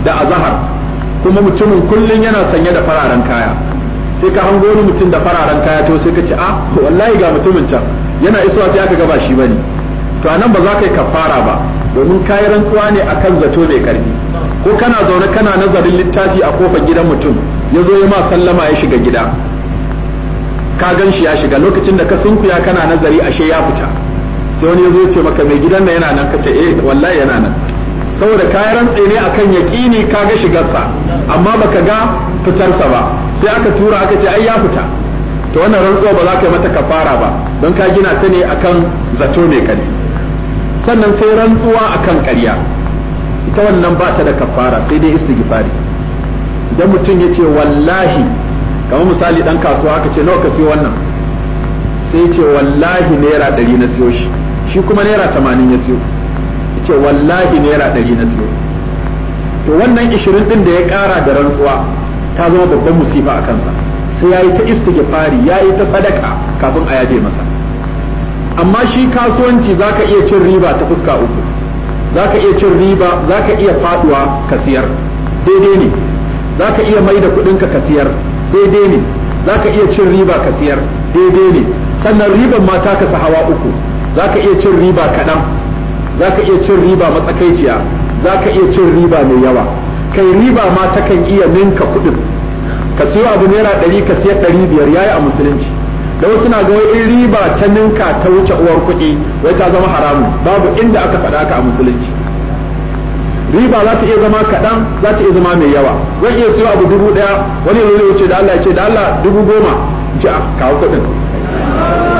da azahar kuma mutumin kullum yana sanye da fararen kaya sai ka hango wani mutum da fararen kaya to sai ka ce a ah, wallahi ga mutumin can yana isuwa sai aka gaba shi bane to anan ba za ka yi kafara ba domin kayi rantsuwa ne akan zato mai karfi ko kana zaune kana nazarin littafi a kofar gidan mutum ya zo ya ma sallama ya shiga gida ka gan shi ya shiga lokacin da ka sunkuya kana nazari ashe ya fita sai wani ya zo ce maka mai gidan nan yana nan ka ce eh wallahi yana nan saboda kayan rantse ne akan yaƙini ka ga shigarsa amma ba ka ga fitarsa ba sai aka tura aka ce ai ya fita to wannan rantsuwa ba za ka yi mata kafara ba don ka gina ta ne akan zato ne kan sannan sai rantsuwa akan karya, ita wannan ba ta da kafara sai dai istighfari idan mutum ya ce wallahi kamar misali dan kasuwa aka ce nawa ka siyo wannan sai ce wallahi naira ɗari na siyo shi shi kuma naira tamanin ya siyo ce wallahi naira ɗari na siyo to wannan ishirin ɗin da ya ƙara da rantsuwa ta zama babban musifa a kansa sai ya yi ta istighfari ya yi ta sadaka kafin a yabe masa amma shi kasuwanci za ka iya cin riba ta fuska uku za ka iya cin riba za ka iya faduwa ka siyar daidai ne za ka iya mai da kuɗinka ka siyar daidai ne za ka iya cin riba ka siyar daidai ne sannan riban mata ta kasa hawa uku za ka iya cin riba kaɗan za ka iya cin riba matsakaiciya za ka iya cin riba mai yawa kai riba ma ta kan iya ninka kuɗin ka siyo abu naira ɗari ka siya ɗari biyar yayi a musulunci da wasu na ga wai riba ta ninka ta wuce uwar kuɗi wai ta zama haramun babu inda aka faɗa ka a musulunci riba za ta iya zama kaɗan za ta iya zama mai yawa zan iya siyo abu dubu ɗaya wani ne ya wuce da Allah ya ce da Allah dubu goma ji a ah, kawo kuɗin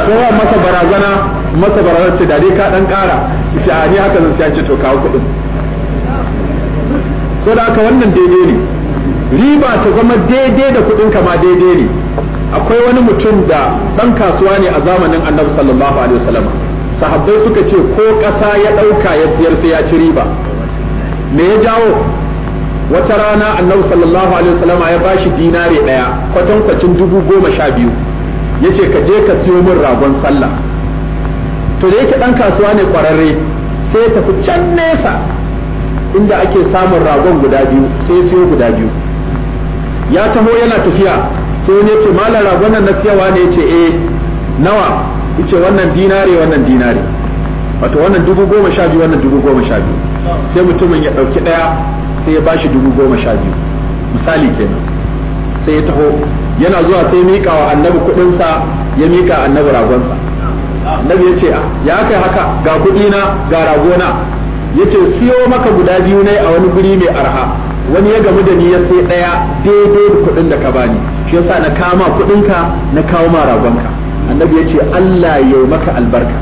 kowa masa barazana masa barazana ce da dai ka dan kara ce a ni haka zan sai ce to kawo kuɗin so da haka wannan daidai ne riba ta zama daidai da kuɗin ka ma daidai ne akwai wani mutum da dan kasuwa ne a zamanin annabi sallallahu alaihi wasallam sahabbai suka ce ko ƙasa ya ɗauka ya siyar sai ya ci riba me ya jawo wata rana annabi sallallahu alaihi wasallam ya bashi dinare ɗaya kwatankwacin dubu goma sha biyu yace ka je ka siyo min ragon sallah to da yake dan kasuwa ne kwararre sai ya tafi can nesa inda ake samun ragon guda biyu sai ya siyo guda biyu ya taho yana tafiya sai wani yace malam ragon nan na siyawa ne yace eh nawa yace wannan dinare wannan dinare wato wannan dubu goma sha biyu wannan dubu goma sha biyu sai mutumin ya ɗauki ɗaya sai ya bashi dubu goma sha biyu misali kenan sai ya taho yana zuwa sai mika wa annabi kuɗinsa ya mika annabi ragonsa annabi ya ce ah, ya kai haka ga kuɗi na ga ragona yace siyo maka guda biyu ne a wani guri mai arha wani ya gamu da ni ya sai ɗaya daidai da kuɗin da ka bani shi yasa na kama kuɗinka na kawo ma ragonka annabi yace Allah ya maka albarka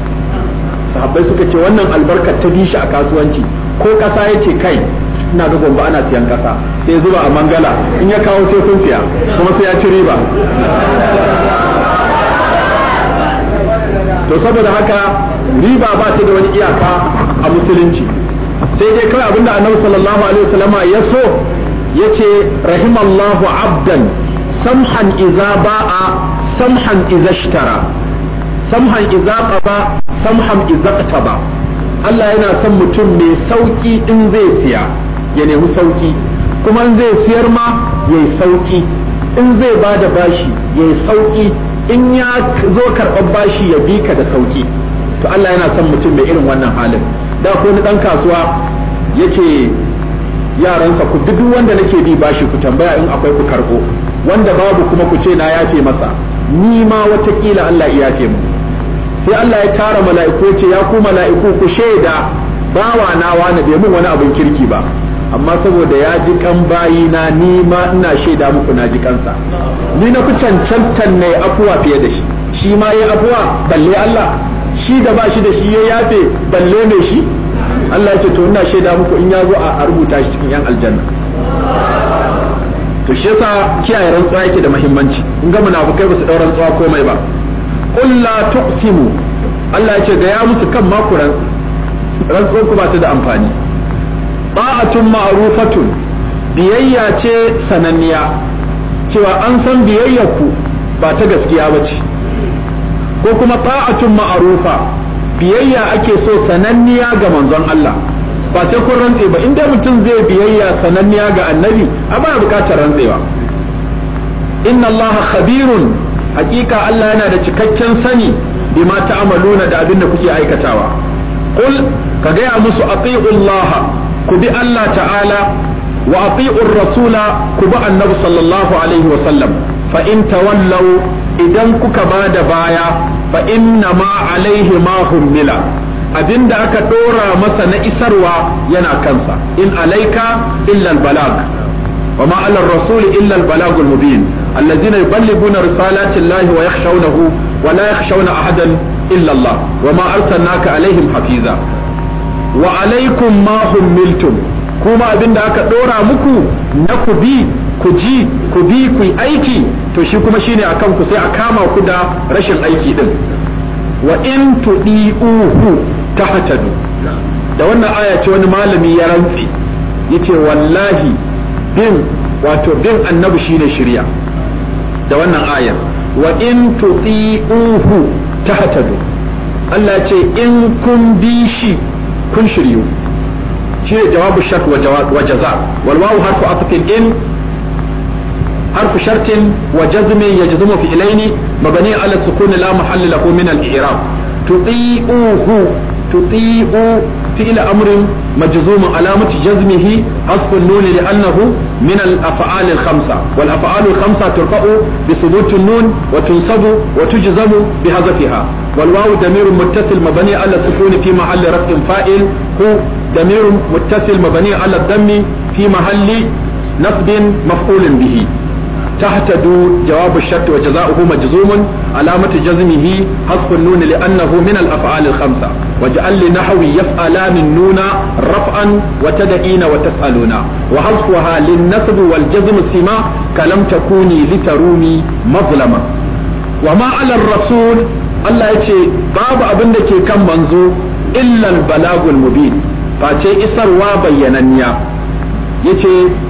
sahabbai suka ce wannan albarka ta dishi a kasuwanci ko kasa yace kai ina ga gombe ana siyan ƙasa. sai zuba a mangala in ya kawo sai kun siya kuma sai ya ci riba to saboda haka riba ba ta da wani iyaka a musulunci sai dai kawai abinda annabi sallallahu alaihi wasallama ya so yace rahimallahu abdan samhan iza ba'a samhan iza samhan iza qaba samhan iza qtaba Allah yana son mutum mai sauki in zai siya ya nemi sauki kuma in zai siyar ma ya yi sauƙi in zai ba da bashi ya yi sauƙi in ya zo karɓar bashi ya bi ka da sauƙi to Allah yana son mutum mai irin wannan halin da ko ni ɗan kasuwa yake yaransa ku duk wanda nake bi bashi ku tambaya in akwai ku karɓo wanda babu kuma ku ce na yafe masa ni ma watakila Allah ya yafe mu sai Allah ya tara mala'iku ce ya ku mala'iku ku shaida bawa na wani bai mun wani abin kirki ba amma saboda ya ji kan bayi na, ni ma ina shaida muku na ji kansa ni na fi cancantan ne afuwa fiye da shi shi ma yayi afuwa balle Allah shi da ba shi da shi ya yafe balle ne shi Allah ya ce to ina shaida muku in ya zo a rubuta shi cikin yan aljanna to shi yasa kiyaye rantsuwa yake da muhimmanci in ga munafikai ba su daura rantsuwa komai ba qul la tuqsimu Allah ya ce ga ya musu kan makuran Rantsuwar ku ba ta da amfani ba'atun ma'rufatun biyayya ce sananniya cewa an san biyayyar ku ba ta gaskiya ba ce ko kuma ta'atun ma'rufa biyayya ake so sananniya ga manzon Allah ba sai kun rantse ba inda mutum zai biyayya sananniya ga annabi a ba bukatar rantsewa inna allaha khabirun hakika Allah yana da cikakken sani bi ta amaluna da abin da kuke aikatawa kul ka gaya musu atiiu ku bi Allah ta'ala wa ati'ur rasula ku bi annabi sallallahu alaihi wa fa in tawallaw idan kuka ba da baya fa inna ma alaihi ma hummila abinda aka dora masa na isarwa yana kansa in alaika illa balag. wa ma ala rasul illa albalag almubin alladhina yuballighuna risalati allahi wa yakhshawnahu wa la yakhshawna ahadan illa allah wa ma arsalnaka alaihim hafiza wa alaikum ma kuma abin da aka dora muku na ku bi ku ji ku bi ku aiki to shi kuma shine akan ku sai a kama ku da rashin aiki din wa in tudiuhu tahtadu da wannan aya ce wani malami ya rantsi yace wallahi bin wato bin annabi shine shirya da wannan ayar wa in tudiuhu tahtadu Allah ce in kun bi shi kun shiryu shi ne jawabu shart wa jaza walwawu harfu afikin in harfu shartin wa jazmin ya jazmu fi ilaini mabani ala sukuni la mahalla lahu min al-i'rab tuti'uhu tuti'u فعل أمر مجزوم علامة جزمه حذف النون لأنه من الأفعال الخمسة والأفعال الخمسة ترفع بثبوت النون وتنصب وتجزم بحذفها والواو ضمير متصل مبني على السكون في محل رفع فاعل هو ضمير متصل مبني على الدم في محل نصب مفعول به tahtadu jawabu shart wa jazaohu majzumun alamatu jazmihi hasbun nun li'annahu min al-af'al al-khamsa waj'al li nahwi yaf'ala nuna raf'an wata tad'ina wa tas'aluna wa hasbuha lin-nasb wal jazm sima kalam takuni litarumi mazlama wa ma 'ala ar-rasul Allah ya ce babu abin da ke kan manzo illan balagun mu mubin face isarwa bayyananniya yace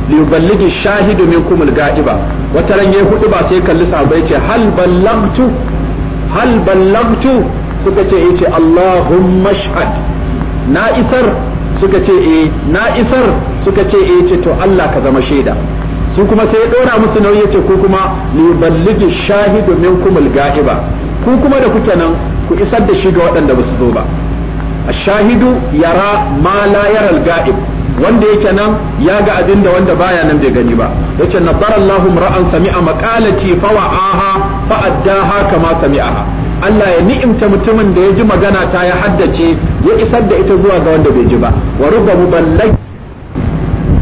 li yuballighi shahidu minkum al ghaiba wata ran yayi hudu ba sai kalli sahabbai ce hal ballagtu hal ballagtu suka ce yace Allahumma shahad na isar suka ce eh na isar suka ce eh ce to Allah ka zama shaida su kuma sai ya dora musu nauyi yace ku kuma li yuballighi shahidu minkum al ghaiba ku kuma da kuke nan ku isar da shi ga waɗanda ba su zo ba yara ma la yara al-ghaib wanda yake nan ya ga abin da wanda baya nan bai gani ba yace nabarallahu ra'an sami'a maqalati fa wa'aha fa addaha kama sami'aha Allah ya ni'imta mutumin da ya ji magana ta ya haddace ya isar da ita zuwa ga wanda bai ji ba wa rubba muballagi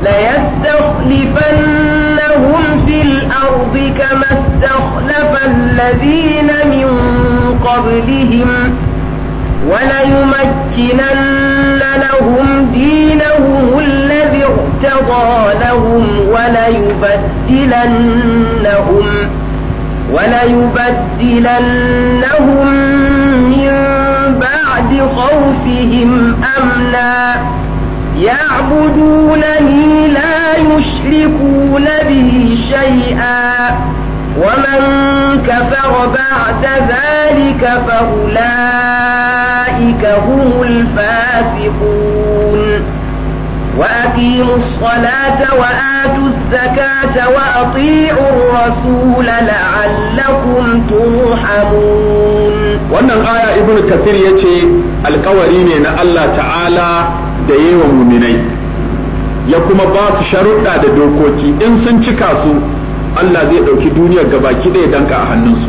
la yastakhlifannahum fil ardi kama istakhlafa alladhina min qablihim وليمكنن لهم هو الذي ارتضى لهم وليبدلنهم وليبدلنهم من بعد خوفهم أمنا يعبدونني لا يشركون بي شيئا ومن كفر بعد ذلك فأولئك هم الفاسقون وأقيموا الصلاة وآتوا الزكاة وأطيعوا الرسول لعلكم ترحمون wannan aya ibn kafir ya ce alkawari ne na Allah ta'ala da yawan muminai ya kuma ba su sharuɗa da dokoki in sun cika su Allah zai ɗauki duniyar baki ɗaya danka a hannunsu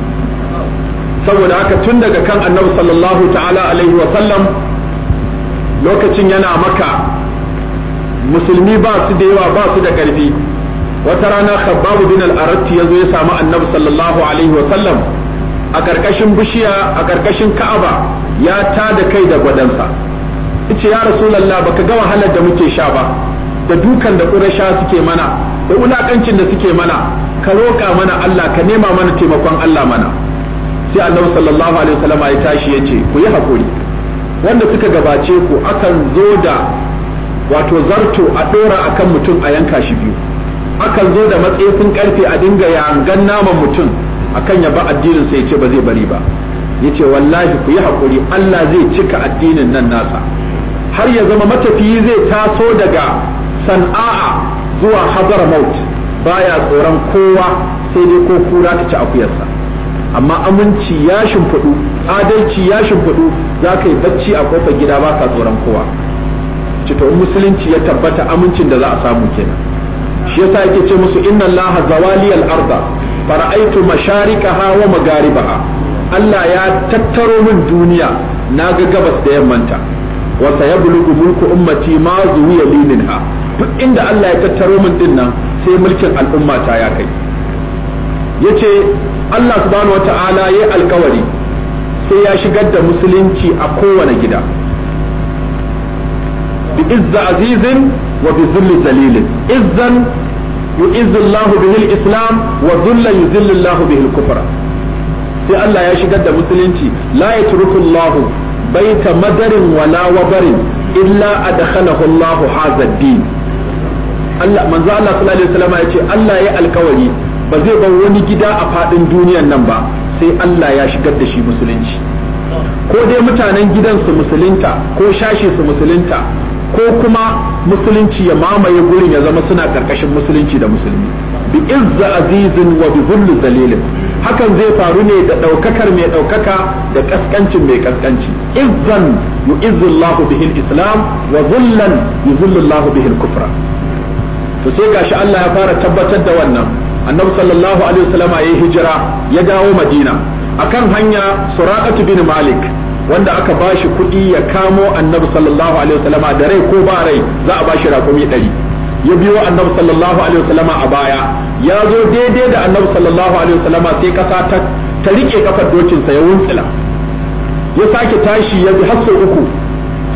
saboda haka tun daga kan annabi sallallahu ta'ala alaihi wa sallam lokacin yana maka musulmi ba su da yawa ba su da ƙarfi wata rana khabbab bin al ya yazo ya samu annabi sallallahu alaihi wa sallam a karkashin bishiya a karkashin ka'aba ya ta da kai da gwadansa yace ya rasulullah baka ga wahalar da muke sha ba da dukan da ƙurasha suke mana da ulakancin da suke mana ka roƙa mana Allah ka nema mana taimakon Allah mana sai annabi sallallahu alaihi wa sallama ya tashi yace ku yi hakuri wanda suka gabace ku akan zo da wato zarto a ɗora kan mutum a yanka shi biyu akan zo da matsefin karfe a dinga yangan naman mutum akan ya ba addinin sai ce ba zai bari ba yace wallahi ku yi hakuri Allah zai cika addinin nan nasa har ya zama matafiyi zai taso daga san'a'a zuwa hadar maut baya tsoron kowa sai dai ko kura ta ci akuyarsa amma aminci ya shimfiɗu adalci ya shimfiɗu za ka yi bacci a kofar gida ba tsoron kowa ci musulunci ya tabbata amincin da za a samu kenan shi yasa yake ce musu inna allaha zawali al-arda fara'aitu mashariqaha wa magharibaha Allah ya tattaro min duniya na ga gabas da yammanta wa sayablugu mulku ummati ma zuwiya li duk inda Allah ya tattaro min din nan sai mulkin al'umma ta ya kai yace Allah subhanahu wata'ala yayi alkawari sai ya shigar da musulunci a kowane gida بإذ عزيز وبذل ذليل إذا يعز الله به الإسلام وذل يذل الله به الكفر sai Allah ya shigar da musulunci يترك الله بيت مدر madarin وبر إلا illa الله هذا الدين Allah manzo Allah sallallahu alaihi wasallam yace Allah ya alkawari ba zai bar wani gida a fadin duniyan nan ba sai Allah ya shigar da shi musulunci ko dai mutanen gidan su musulunta ko shashi su musulunta ko kuma musulunci ya mamaye gurin ya zama suna karkashin musulunci da musulmi bi izza azizin wa bi zullu zalilin hakan zai faru ne da daukakar mai daukaka da kaskancin mai kaskanci izzan yu'izzu Allahu bihil islam wa zullan yuzillu Allahu kufra to sai gashi Allah ya fara tabbatar da wannan annabi sallallahu alaihi wasallama yayi hijira ya dawo madina akan hanya suraqatu bin malik wanda aka bashi kuɗi ya kamo annabi sallallahu alaihi wasallama da rai ko ba rai za a bashi raƙumi ɗari ya biyo annabi sallallahu alaihi wasallama a baya ya zo daidai da annabi sallallahu alaihi wasallama sai ƙasa ta ta riƙe kafar dokinsa ya wuntsila ya sake tashi ya bi har sau uku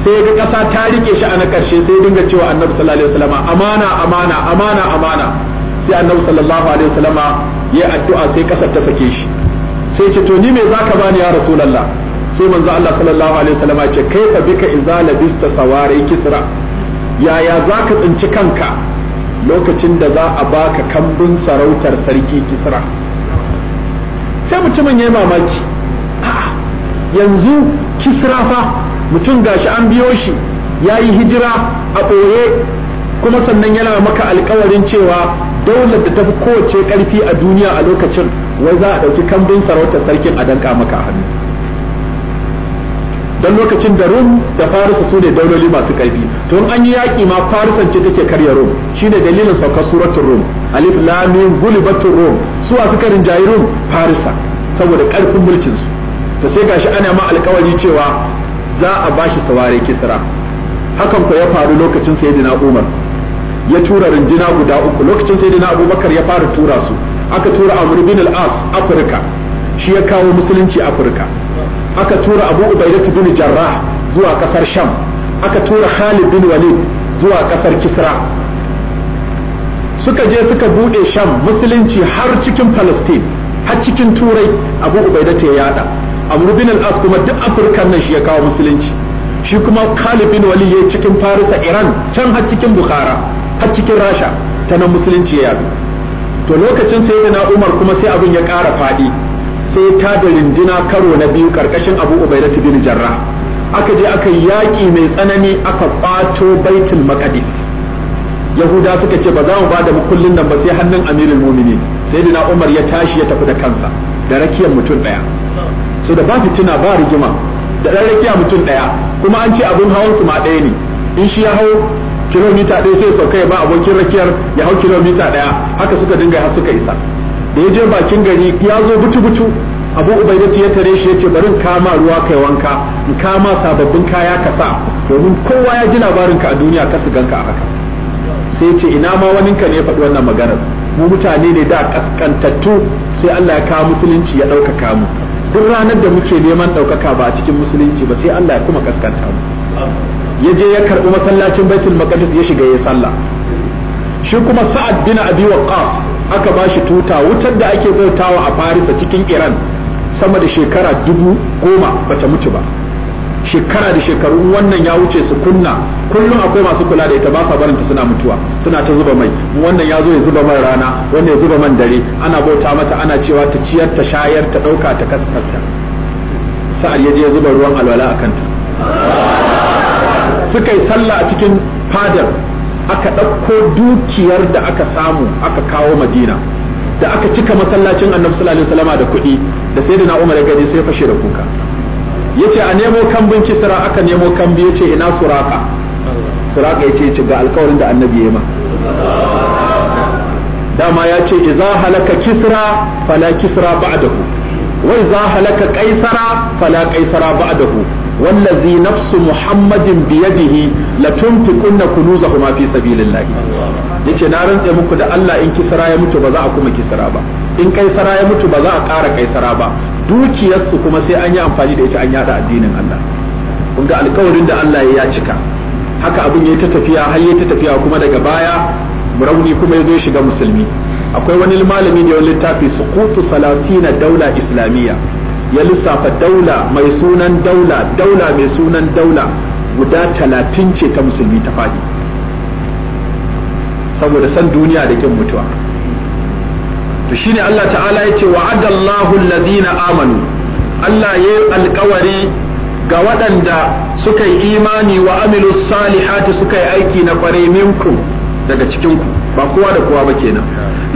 sai ga ƙasa ta riƙe shi a na ƙarshe sai dinga cewa annabi sallallahu alaihi wasallama amana amana amana amana sai annabi sallallahu alaihi wasallama ya addu'a sai ƙasar ta sake shi sai ce to ni me zaka bani ya rasulullah sai manzo Allah sallallahu alaihi wasallam ya ce kaifa bika idza labista sawari kisra yaya zaka tsinci kanka lokacin da za a baka kambun sarautar sarki kisra sai mutumin yayi mamaki yanzu kisra fa mutum gashi an biyo shi yayi hijira a ɓoye kuma sannan yana maka alkawarin cewa dole da tafi kowace karfi a duniya a lokacin wai za a ɗauki kambun sarautar sarkin a danka maka a hannu dan lokacin da rum da farisa su ne dauloli masu karfi to an yi yaki ma farisan ce take karya rum shine dalilin saukar suratul rum alif lam mim gulibatur su a suka rinjayi rum farisa saboda karfin mulkin su to sai gashi ana ma alkawari cewa za a bashi saware kisra hakan ko ya faru lokacin sayyidina umar ya tura rinjina guda uku lokacin sayyidina abubakar ya fara tura su aka tura amr bin al-as afirka shi ya kawo musulunci afirka aka tura abu ubaidat bin jarrah zuwa kasar sham aka tura khalid bin walid zuwa kasar kisra suka je suka bude sham musulunci har cikin palestine har cikin turai abu ubaidat ya yada amru bin al-as kuma duk afirka nan shi ya kawo musulunci shi kuma khalid bin walid ya cikin farisa iran can har cikin bukhara har cikin rasha ta nan musulunci ya yadu to lokacin sayyidina umar kuma sai abin ya ƙara faɗi sai ta da rindina karo na biyu karkashin Abu Ubaidah bin Jarrah aka je aka yaki mai tsanani aka kwato Baitul Maqdis Yahuda suka ce ba za mu da kullun nan ba sai hannun Amirul Mu'minin Sayyidina Umar ya tashi ya tafi da kansa da rakiyar mutum daya so da ba fitina ba rigima da dan rakiya mutum daya kuma an ce abun hawan su ma daya ne in shi ya hau kilomita ɗaya sai sauka ya ba abokin rakiyar ya hau kilomita ɗaya haka suka dinga har suka isa da ya je bakin gari ya zo butu butu abu ubaidatu ya tare shi ya ce bari kama ruwa kai wanka in kama sababbin kaya ka sa domin kowa ya ji labarin ka a duniya ka su ganka a haka sai ce ina ma ka ne ya faɗi wannan maganar mu mutane ne da kaskantattu sai Allah ya kawo musulunci ya ɗaukaka mu duk ranar da muke neman ɗaukaka ba a cikin musulunci ba sai Allah ya kuma kaskanta mu ya je ya karɓi masallacin baitul maqdis ya shiga ya sallah shi kuma sa'ad bin abi waqqas aka ba shi tuta wutar da ake bautawa a farisa cikin iran sama da shekara dubu goma bata mutu ba shekara da shekaru wannan ya wuce su kunna kullum akwai masu kula da ita ba sa barinta suna mutuwa suna ta zuba mai wannan ya zo ya zuba man rana wannan ya zuba man dare ana bauta mata ana cewa ta ciyar ta shayar ta ɗauka ta kaskarta sa'ar ya ya zuba ruwan alwala a kanta suka yi sallah a cikin fadar aka ɗauko dukiyar da aka samu aka kawo madina da aka cika masallacin annabi sallallahu alaihi wasallama da kuɗi da sayyidina umar ya gani sai fashe da kuka yace a nemo kambin kisra aka nemo kambi yace ina suraka suraka yace yace ga alƙawarin da annabi yayi ma dama yace ce idza halaka kisra fala kisra ba'dahu wai za halaka kaisara fala kaisara ku. wallazi nafsu muhammadin biyadihi la tunfiqunna kunuzahu kuma fi yace na rantse muku da Allah in kisara ya mutu ba za a kuma kisara ba in kaisara ya mutu ba za a ƙara kaisara ba dukiyarsu kuma sai an yi amfani da ita an yada addinin Allah kun ga alƙawarin da Allah ya cika haka abin ya ta tafiya har ya ta tafiya kuma daga baya rauni kuma ya zo shiga musulmi akwai wani malami da wani littafi sukutu salatina daula islamiyya ya lissafa daula mai sunan daula daula mai sunan daula guda talatin ce ta musulmi ta faɗi saboda san duniya da kin mutuwa to shine Allah ta'ala ya ce wa'adallahu allazina amanu Allah ya yi alkawari ga waɗanda suka yi imani wa amilu salihati suka yi aiki na kware minku daga cikinku ba kowa da kowa ba kenan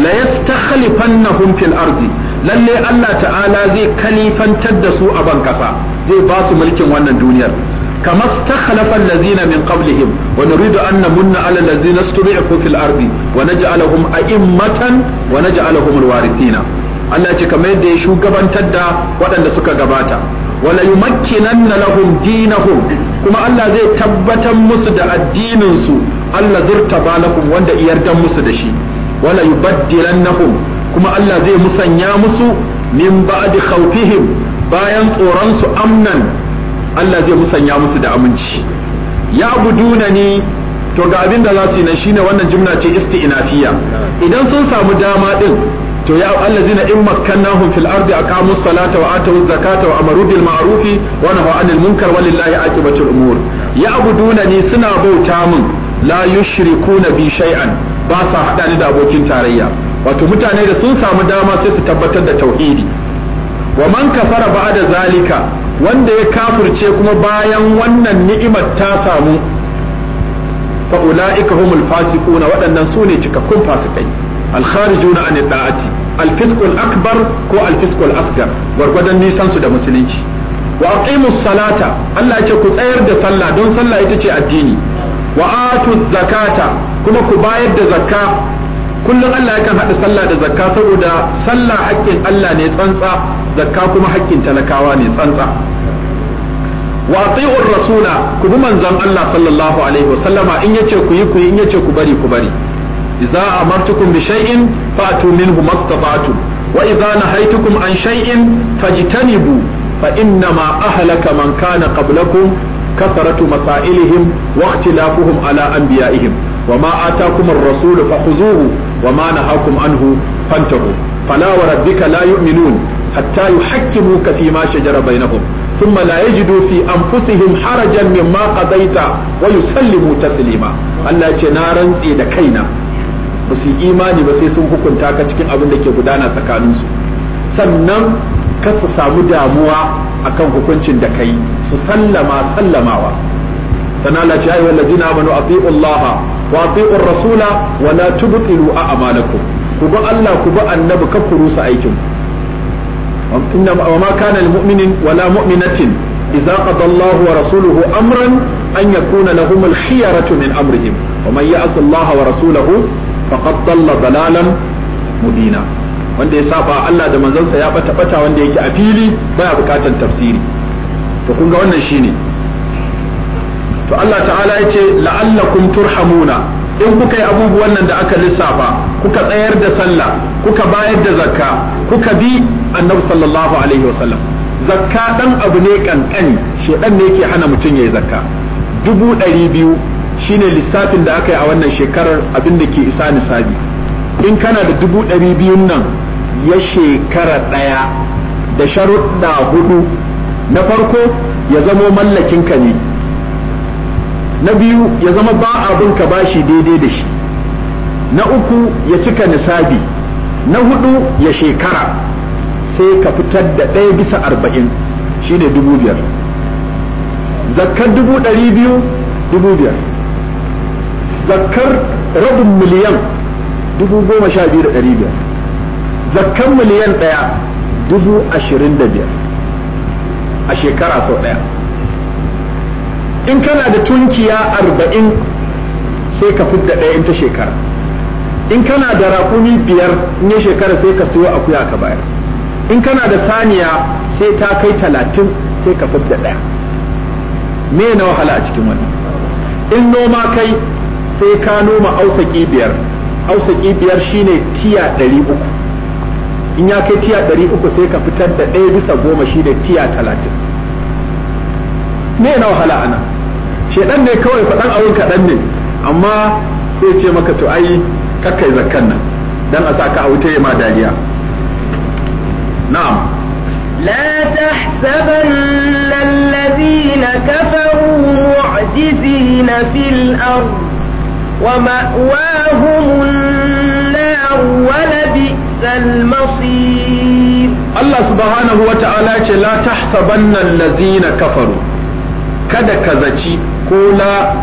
la yastakhlifannahum fil ardi lalle Allah ta'ala zai kalifantar da su a bankasa zai ba su mulkin wannan duniyar كما استخلف الذين من قبلهم ونريد أن نمن على الذين استضعفوا في الأرض ونجعلهم أئمة ونجعلهم الوارثين Allah ce kamar yadda ya shugabantar da waɗanda suka gabata wala yumakkinanna lahum dinahum kuma Allah zai tabbatar musu da addinin su Allah zurta balakum wanda iyardan musu da shi wala yubaddilannahum kuma Allah zai musanya musu min ba'di khawfihim bayan tsoron su amnan Allah zai musanya musu da aminci ya budunani to ga abin da za su yi nan shine wannan jumla ce isti'nafiya idan sun samu dama din to ya allazina in makkannahum fil ardi aqamu salata wa atu zakata wa amaru bil ma'ruf wa nahaw anil munkar walillahi aqibatul umur ya abudunani suna bauta min la yushrikuna bi shay'an ba sa haɗa ni da abokin tarayya wato mutane da sun samu dama sai su tabbatar da tauhidi wa man kafara ba'da zalika wanda ya kafirce kuma bayan wannan ni'imar ta samu fa ulaika humul fasiquna waɗannan su ne cikakkun fasikai al-kharijuna an da'ati al-fisqul akbar ko al-fisqul asgar gwargwadon nisan su da musulunci wa aqimus salata Allah ya ce ku tsayar da sallah don sallah ita ce addini wa atuz zakata kuma ku bayar da zakka kullum Allah yakan haɗa sallah da zakka saboda sallah haƙƙin Allah ne tsantsa zakka kuma haƙƙin talakawa ne tsantsa wa ati'ur rasula ku bi manzon Allah sallallahu alaihi wasallama in yace ku yi ku yi in yace ku bari ku bari idza amartukum bi shay'in fa'tu minhu mastata'tum wa idza nahaytukum an shay'in fajtanibu fa inna ma ahlaka man kana qablakum kasaratu masailihim wa ikhtilafuhum ala anbiya'ihim wa ma kuma rasulu rasul fakhuzuhu wa ma nahakum anhu fantahu fala wa rabbika la yu'minun hatta yuhakkimuka fi ma shajara bainahum ثم لا يجدوا في أنفسهم حرجا مما قضيت ويسلموا تسليما الله يجي نارا إذا كينا بس ba sai sun hukunta ka cikin abin da ke gudana tsakaninsu sannan ka su samu damuwa akan hukuncin da kai su sallama sallamawa sannan Allah ya ayyuhal ladina amanu atiiu Allah wa atiiu rasula wa la tubtilu a'malakum ku ba Allah ku ba annabi ka ku rusa aikin inna wa ma kana lil mu'minin wa wa rasuluhu amran an yakuna lahum al khiyaratu min amrihim wa man ya'si Allah wa rasulahu faqad dalla dalalan mubina wanda ya saba Allah da manzansa ya bata bata wanda yake a fili baya bukatan tafsiri to kun ga wannan shine to Allah ta'ala ya ce la'allakum turhamuna in kuka yi abubuwan nan da aka lissafa kuka tsayar da sallah kuka bayar da zakka kuka bi annabi sallallahu alaihi wasallam zakka dan abu ne kankani shedan ne yake hana mutum yayi zakka dubu ɗari biyu shine lissafin da aka yi a wannan shekarar abin da ke isa nisabi in kana da dubu ɗari biyun nan ya shekara ɗaya da sharuɗa hudu na farko ya zamo mallakinka ne na biyu ya zama ba abin ka bashi daidai da shi na uku ya cika nisabi na hudu ya shekara sai ka fitar da ɗaya bisa arba'in shine dubu biyar zakar dubu ɗari biyu dubu biyar zakar rabin miliyan dubu goma sha biyu da ɗari biyar zakar miliyan ɗaya dubu ashirin da biyar a shekara sau ɗaya in kana da tunkiya arba'in sai ka fidda ɗaya in ta shekara in kana da raƙumi biyar in ya shekara sai ka siyo akuya ka bayar in kana da saniya sai ta kai talatin sai ka fidda ɗaya me na wahala a cikin wani in noma kai sai ka noma ausaki biyar ausaki biyar shine tiya ɗari uku in ya kai tiya ɗari uku sai ka fitar da ɗaya bisa goma shi da tiya talatin me na wahala ana shedan ne kawai faɗan abin kaɗan ne amma sai ce maka to ai kakkai zakkan nan dan a sa ka a wuta ma dariya na'am لا تحسبن الذين كفروا معجزين في الأرض ومأواهم النار ولبئس المصير الله سبحانه وتعالى لا تحسبن الذين كفروا kada ka zaci ko la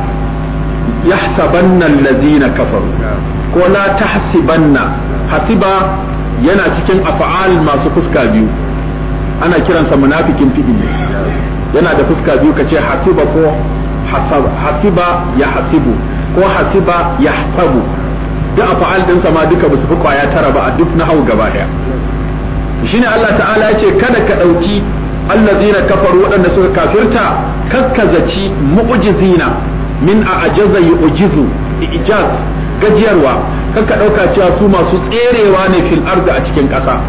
yahsabanna allazina kafaru ko la tahsibanna hasiba yana cikin afa'al masu fuska biyu ana kiransa munafikin ne. yana da fuska biyu kace hasiba ko hasiba ya hasibu ko hasiba ya hasabu duk afa'al din sama duka basu fi kwaya tara ba a duk hau gaba daya shine Allah ta'ala ya ce kada ka dauki allazina kafaru waɗanda suka kafirta kakkazaci mu'ujizina min a ajaza yu'jizu ijaz gajiyarwa kakka ɗauka cewa su masu tserewa ne fil ardi a cikin ƙasa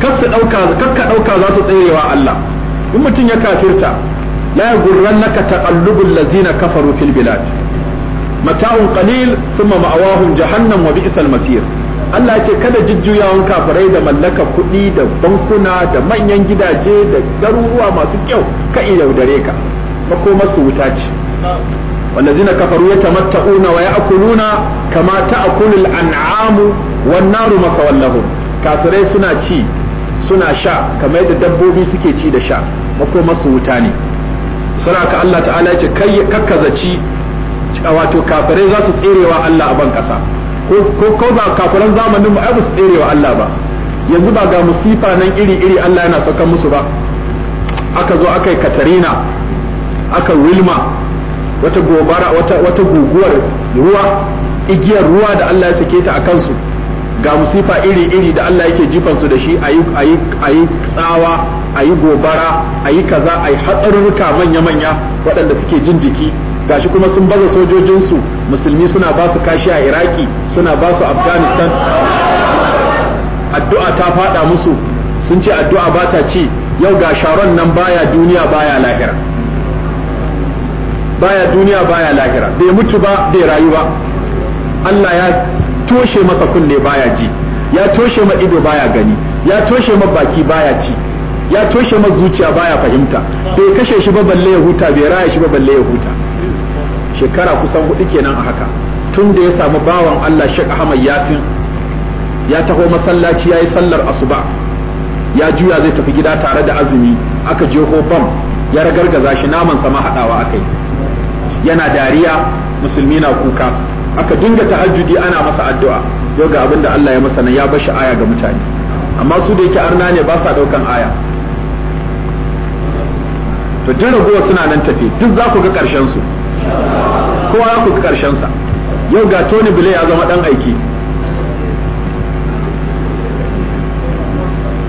kakka ɗauka kakka ɗauka za su tserewa Allah in mutum ya kafirta la yagurrannaka taqallubul ladzina kafaru fil mata'un qalil thumma ma'awahum jahannam wa bi'sal masir Allah ce kada jujjuyawan kafirai da mallaka kuɗi da bankuna da manyan gidaje da garuruwa masu kyau ka yaudare ka makoma su wuta ce na kafaru tamattauna wa ya'kuluna kama ta'kulul an'amu wan naru makawallahu kafirai suna ci suna sha kamar yadda dabbobi suke ci da sha makoma su wuta ne saraka Allah ta'ala ya ce kakkazaci wato kafirai za su tserewa Allah a ban kasa ko ba kafiran zamanin mu ai ba su tsere wa Allah ba yanzu ba ga musifa nan iri iri Allah yana saukan musu ba aka zo aka yi katarina aka wilma wata gobara wata wata guguwar ruwa igiyar ruwa da Allah ya sake ta a kansu ga musifa iri iri da Allah yake jifan su da shi ayi ayi ayi tsawa ayi gobara ayi kaza ayi hatsarurruka manya manya waɗanda suke jin jiki gashi kuma sun baza sojojinsu musulmi suna ba su kashi a iraki suna ba su afghanistan addu'a ta fada musu sun ce addu'a ba ta ci yau ga sharon nan baya duniya baya lahira baya duniya baya lahira bai mutu ba bai rayu ba Allah ya toshe masa kunne baya ji ya toshe ma ido baya gani ya toshe ma baki baya ci ya toshe ma zuciya baya fahimta bai kashe shi ba balle ya huta bai raya shi ba balle ya huta shekara kusan hudu kenan a haka tun da ya samu bawan Allah Sheikh Ahmad Yasin ya taho masallaci yayi sallar asuba ya juya zai tafi gida tare da azumi aka je bam ya ragargaza shi naman sama hadawa akai yana dariya musulmi na kuka aka dinga tahajjudi ana masa addu'a yau ga abin da Allah ya masa ya bashi aya ga mutane amma su da yake arna ne ba sa daukan aya to jin ragowa suna nan tafi duk za ku ga karshen su kowa ya kuka karshen sa yau ga Tony Blair ya zama dan aiki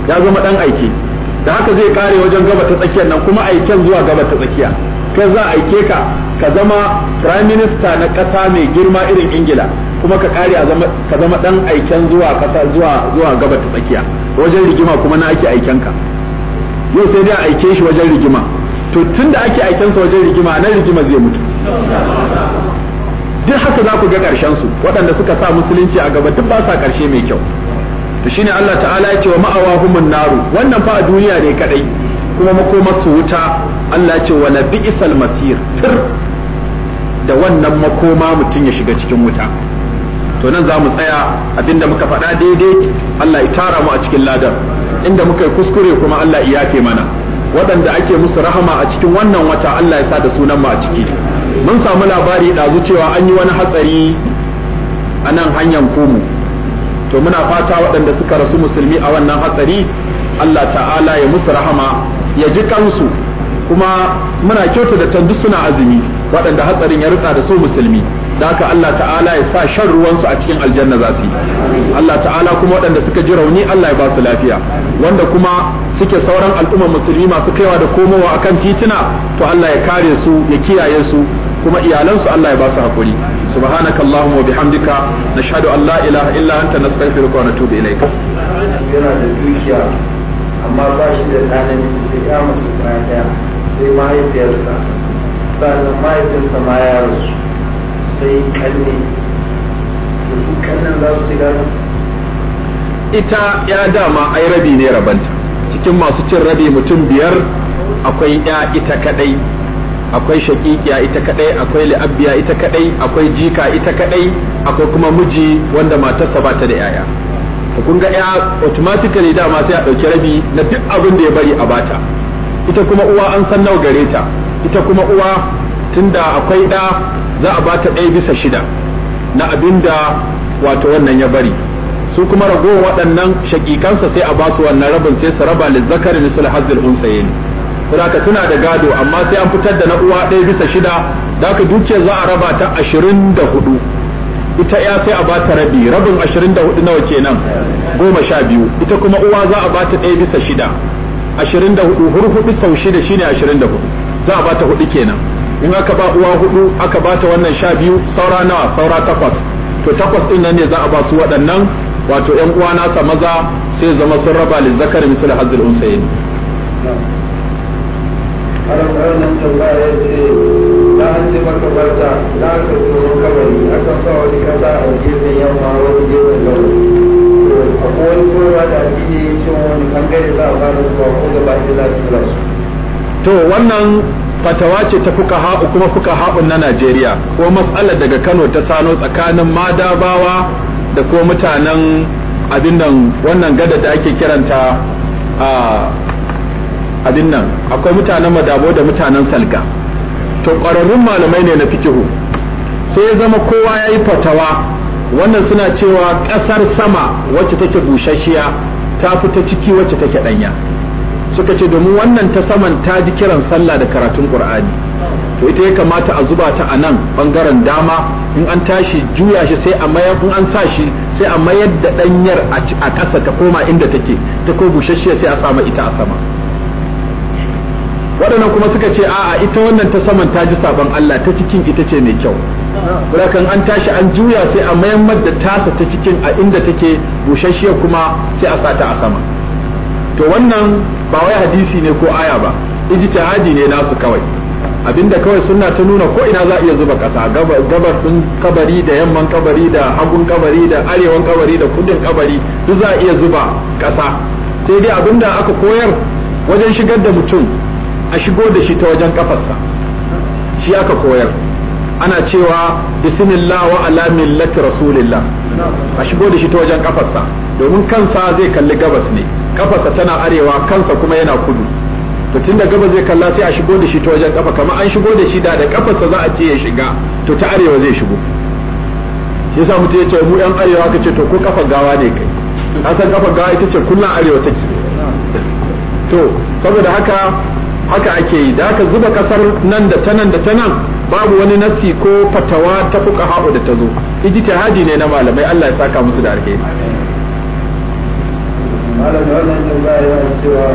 ya zama dan aiki da haka zai kare wajen gaba ta tsakiyar nan kuma aiken zuwa gaba ta tsakiya kai za a aike ka ka zama prime minister na kasa mai girma irin ingila kuma ka kare ka zama dan aiken zuwa kasa zuwa zuwa gaba ta tsakiya wajen rigima kuma na ake aiken ka yau sai dai a aike shi wajen rigima to tunda ake aiken sa wajen rigima nan rigima zai mutu duk haka za ku ga ƙarshen su waɗanda suka sa musulunci a gaba duk ba sa ƙarshe mai kyau to shine Allah ta'ala ya ce wa ma'awahumun naru wannan fa a duniya ne kadai kuma makomar su wuta Allah ya ce wa isal masir tir da wannan makoma mutum ya shiga cikin wuta to nan za mu tsaya abinda muka faɗa daidai Allah ya tara mu a cikin ladar. inda muka yi kuskure kuma Allah ya yafe mana waɗanda ake musu rahama a cikin wannan wata Allah ya sa da sunan mu a ciki mun samu labari ɗazu cewa an yi wani hatsari a nan hanyar komu, to muna fata waɗanda suka rasu musulmi a wannan hatsari Allah ta'ala ya musu rahama ya ji kansu kuma muna kyauta da tandu suna azumi waɗanda hatsarin ya rutsa da su musulmi da haka Allah ta'ala ya sa shan ruwansu a cikin aljanna za su yi Allah ta'ala kuma waɗanda suka ji rauni Allah ya ba su lafiya wanda kuma suke sauran al'ummar musulmi masu kaiwa da komowa akan titina to Allah ya kare su ya kiyaye su kuma iyalansu Allah ya ba su hakuri سبحانك اللهم وبحمدك نشهد أن لا إله إلا أنت Yana da dukiya, amma ba shi da tsanani sai ya mutu ɗaya sai mahaifiyarsa sannan mahaifinsa ma ya rasu sai su za su ita ya dama ai rabi ne rabanta cikin masu cin rabi mutum biyar akwai ya ita kadai akwai shakikiya ita kadai akwai li'abbiya ita kadai akwai jika ita kadai akwai kuma miji wanda matarsa ba ta da yaya to kun ga ya automatically dama sai a dauki rabi na duk abin da ya bari a bata ita kuma uwa an san nawa gare ta ita kuma uwa tunda akwai da za a ba ta ɗaya bisa shida na abin da wato wannan ya bari su kuma ragowa waɗannan shakikansa sai a basu wannan rabin sai su raba lizzakari ni sul hazzil unsayin saboda suna da gado amma sai an fitar da na uwa ɗaya bisa shida da aka dukiya za a raba ta ashirin da hudu ita ya sai a ba ta rabi rabin ashirin da hudu nawa kenan goma sha biyu ita kuma uwa za a ba ta ɗaya bisa shida ashirin da hudu hurhudu sau shida shine ashirin da hudu za a ba ta hudu kenan in aka ba uwa hudu aka ba ta wannan sha biyu saura nawa saura takwas to takwas din nan ne za a ba su waɗannan wato ƴan uwa nasa maza sai zama sun raba da zakar misal hazil unsayin to wannan fatawa ce ta haɓu kuma fuqaha'un na Najeriya ko matsalar daga Kano ta sano tsakanin madabawa da ko mutanen abin nan wannan gada da ake kiranta a abin nan akwai mutanen madabo da mutanen salga to ƙwararrun malamai ne na fikihu sai ya zama kowa ya yi fatawa wannan suna cewa ƙasar sama wacce take busasshiya ta fita ciki wacce take ɗanya suka ce domin wannan ta saman ta ji kiran sallah da karatun qur'ani to ita ya kamata a zuba ta a nan bangaren dama in an tashi juya shi sai a mayar in an sa shi sai a mayar da danyar a ƙasa ta koma inda take ta ko sai a sama ita a sama waɗannan kuma suka ce a'a ita wannan ta saman ta ji sabon Allah ta cikin ita ce mai kyau kan an tashi an juya sai a mayar da tasa ta cikin a inda take bushashshiya kuma sai a sata a sama to wannan ba wai hadisi ne ko aya ba ijtihadi ne nasu kawai abinda kawai sunna ta nuna ko ina za a iya zuba kasa gabar sun kabari da yamman kabari da hagun kabari da arewan kabari da kudin kabari duk za a iya zuba kasa sai dai abinda aka koyar wajen shigar da mutum a shigo da shi ta wajen kafarsa shi aka koyar ana cewa bismillah wa ala millati rasulillah a shigo da shi ta wajen kafarsa domin kansa zai kalli gabas ne kafarsa tana arewa kansa kuma yana kudu to tunda gabas zai kalla sai a shigo da shi ta wajen kafa kamar an shigo da shi da da kafarsa za a ce ya shiga to ta arewa zai shigo shi yasa mutum ya ce mu yan arewa ka ce to ko kafar gawa ne kai an san gawa ita ce kullum arewa take to saboda haka haka ake yi da aka zuba kasar nan da ta nan da ta nan babu wani nasi ko fatawa ta fuka haɓu da ta zo ijtihadi ne na malamai Allah ya saka musu da alheri malam da wannan tambaya yana cewa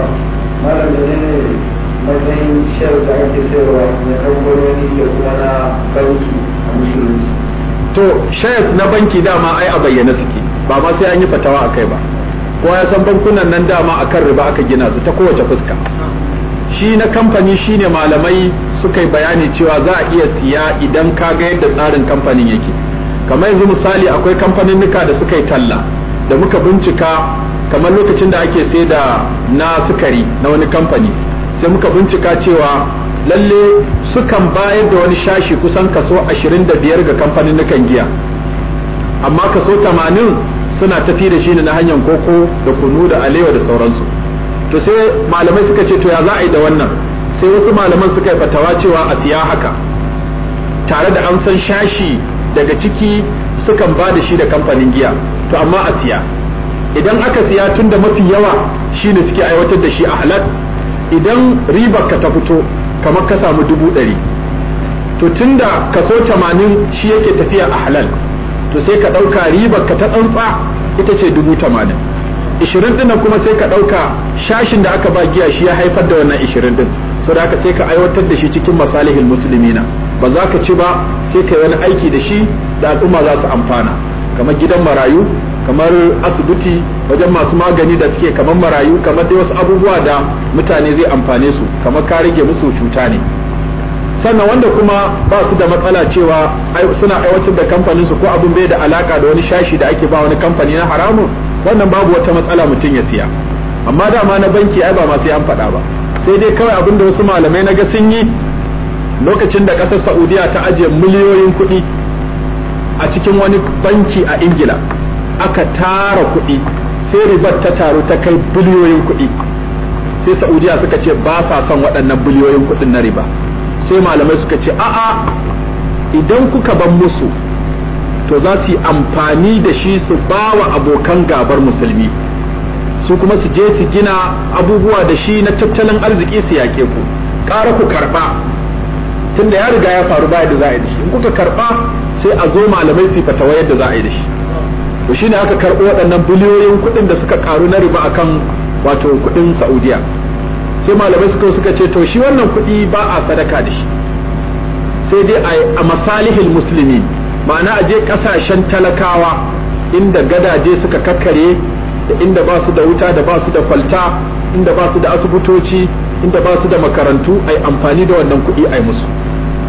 malam da ne matsayin shar da ake sayarwa na kamfanoni da kuma na banki a musulunci to shayar na banki dama ai a bayyana suke ba ma sai an yi fatawa a kai ba kowa ya san bankunan nan dama akan riba aka gina su ta kowace fuska shi na kamfani shine malamai suka yi bayani cewa za a iya siya idan ka ga yadda tsarin kamfanin yake kamar yanzu misali akwai kamfaninnika da suka yi talla da muka bincika kamar lokacin da ake sai da na sukari na wani kamfani sai muka bincika cewa lalle sukan bayar da wani shashi kusan kaso 25 ga kamfanin kamfaninnikan giya amma kaso 80 suna tafi da shi ne na hanyar koko da kunu da alewa da sauransu to sai malamai suka ce to ya za a yi da wannan sai wasu malaman suka yi fatawa cewa a siya haka tare da an san shashi daga ciki sukan ba da shi da kamfanin giya to amma a siya idan aka siya tun da mafi yawa shi ne suke aiwatar da shi a halal idan ribar ka ta fito kamar ka samu dubu ɗari to tun da kaso tamanin shi yake tafiya a halal to sai ka ɗauka ribar ka ta tsantsa ita ce dubu tamanin ishirin din nan kuma sai ka ɗauka shashin da aka ba giya shi ya haifar da wannan ishirin din da aka sai ka aiwatar da shi cikin musulmi musulmina ba za ka ci ba sai ka yi wani aiki da shi da al'umma za su amfana kamar gidan marayu kamar asibiti wajen masu magani da suke kamar marayu kamar dai wasu abubuwa da mutane zai amfane su kamar ka rage musu cuta ne sannan wanda kuma ba su da matsala cewa suna aiwatar da kamfaninsu ko abin bai da alaka da wani shashi da ake ba wani kamfani na haramun wannan babu wata matsala mutum ya siya amma dama na banki ai ba ma sai an faɗa ba sai dai kawai abinda wasu malamai na ga sun yi lokacin da ƙasar Saudiya ta ajiye miliyoyin kuɗi a cikin wani banki a Ingila aka tara kuɗi sai ribar ta taru ta kai biliyoyin kuɗi sai Saudiya suka ce ba sa son waɗannan biliyoyin kuɗin na riba sai malamai suka ce a'a idan kuka ban musu to za su yi amfani da shi su ba wa abokan gabar musulmi su kuma su je su gina abubuwa da shi na tattalin arziki su yaƙe ku ƙara ku karɓa tunda ya riga ya faru baya da za a yi da shi in kuka karɓa sai a zo malamai su fatawa yadda za a yi da shi to shi ne aka karɓo waɗannan biliyoyin kuɗin da suka ƙaru na riba akan wato kuɗin Saudiya sai malamai suka suka ce to shi wannan kuɗi ba a sadaka da shi sai dai a masalihin musulmi ma'ana a je kasashen talakawa inda gadaje suka kakkare da inda ba su da wuta da ba su da kwalta inda ba su da asibitoci inda ba su da makarantu ai amfani da wannan kuɗi ai musu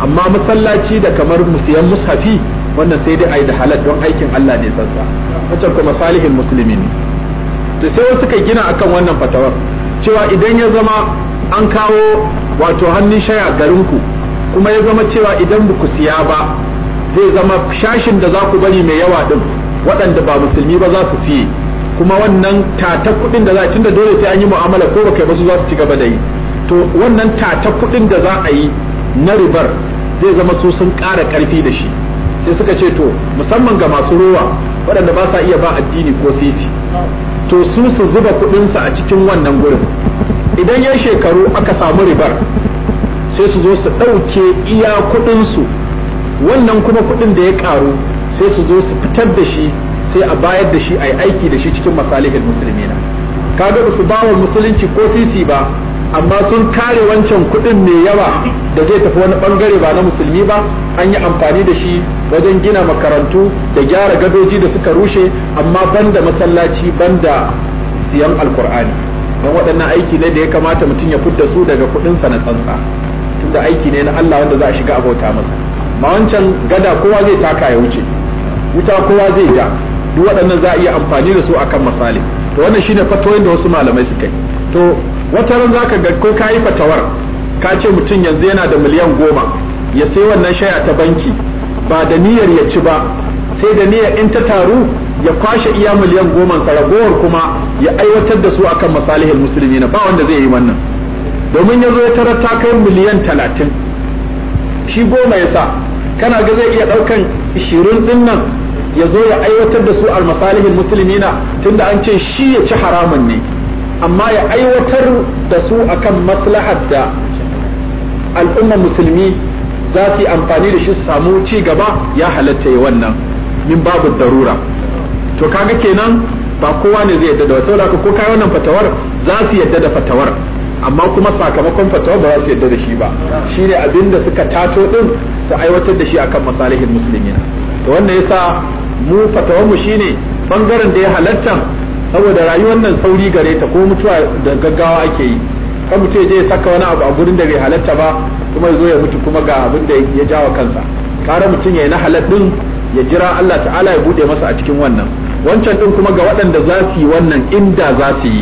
amma masallaci da kamar musiyan mushafi wannan sai dai ai da halal don aikin Allah ne sassa wancan kuma salihin musulmi ne to sai wasu suka gina akan wannan fatawar cewa idan ya zama an kawo wato hannun shaya garinku kuma ya zama cewa idan ba ku siya ba zai zama shashin da za ku bari mai yawa din waɗanda ba musulmi ba za su fiye kuma wannan tata kuɗin da za tunda dole sai an yi mu'amala ko baka ba su za su ci gaba da yi to wannan tata kuɗin da za a yi na ribar zai zama su sun ƙara ƙarfi da shi sai suka ce to musamman ga masu rowa waɗanda ba sa iya ba addini ko siti to su su zuba kuɗinsu a cikin wannan gurin idan ya shekaru aka samu ribar sai su zo su ɗauke iya kuɗinsu wannan kuma kuɗin da ya ƙaru sai su zo su fitar da shi sai a bayar da shi a yi aiki da shi cikin masalihin na kaga ba su bawa musulunci ko sisi ba amma sun kare wancan kuɗin mai yawa da zai tafi wani bangare ba na musulmi ba an yi amfani da shi wajen gina makarantu da gyara gadoji da suka rushe amma banda masallaci banda siyan alkur'ani don waɗannan aiki ne da ya kamata mutum ya fidda su daga kuɗinsa na tsantsa da aiki ne na Allah wanda za a shiga abota masa ma wancan gada kowa zai taka ya wuce wuta kowa zai ja duk waɗannan za a iya amfani da su akan misali to wannan shine fatoyin da wasu malamai suka yi to wata ran zaka ga ko kayi fatawar ka ce mutum yanzu yana da miliyan goma ya sai wannan shaya ta banki ba da niyyar ya ci ba sai da niyyar in ta taru ya kwashe iya miliyan goma sa ragowar kuma ya aiwatar da su akan masalihin musulmi na ba wanda zai yi wannan domin ya zo ya tarar ta kai miliyan talatin shi goma ya sa kana ga zai iya ɗaukan ishirin ɗin nan ya zo ya aiwatar da su almasalihin musulmina tunda an ce shi ya ci haramun ne amma ya aiwatar da su akan maslahar da al'ummar musulmi za su yi amfani da shi su samu ci gaba ya halatta ya wannan min babu darura to kaga kenan ba kowa ne zai yadda da wata ko kai wannan fatawar za su yadda da fatawar amma kuma sakamakon fatawa ba za su yadda da shi ba shi shine abinda suka tato din su aiwatar da shi akan masalihin musulmi to wannan yasa mu fatawar mu shine bangaren da ya halatta saboda rayuwar nan sauri gare ta ko mutuwa da gaggawa ake yi kan mutum je saka wani abu a gurin da bai halatta ba kuma zo ya mutu kuma ga abin da ya wa kansa kare mutum ya yi na halal din ya jira Allah ta'ala ya bude masa a cikin wannan wancan din kuma ga waɗanda za su yi wannan inda za su yi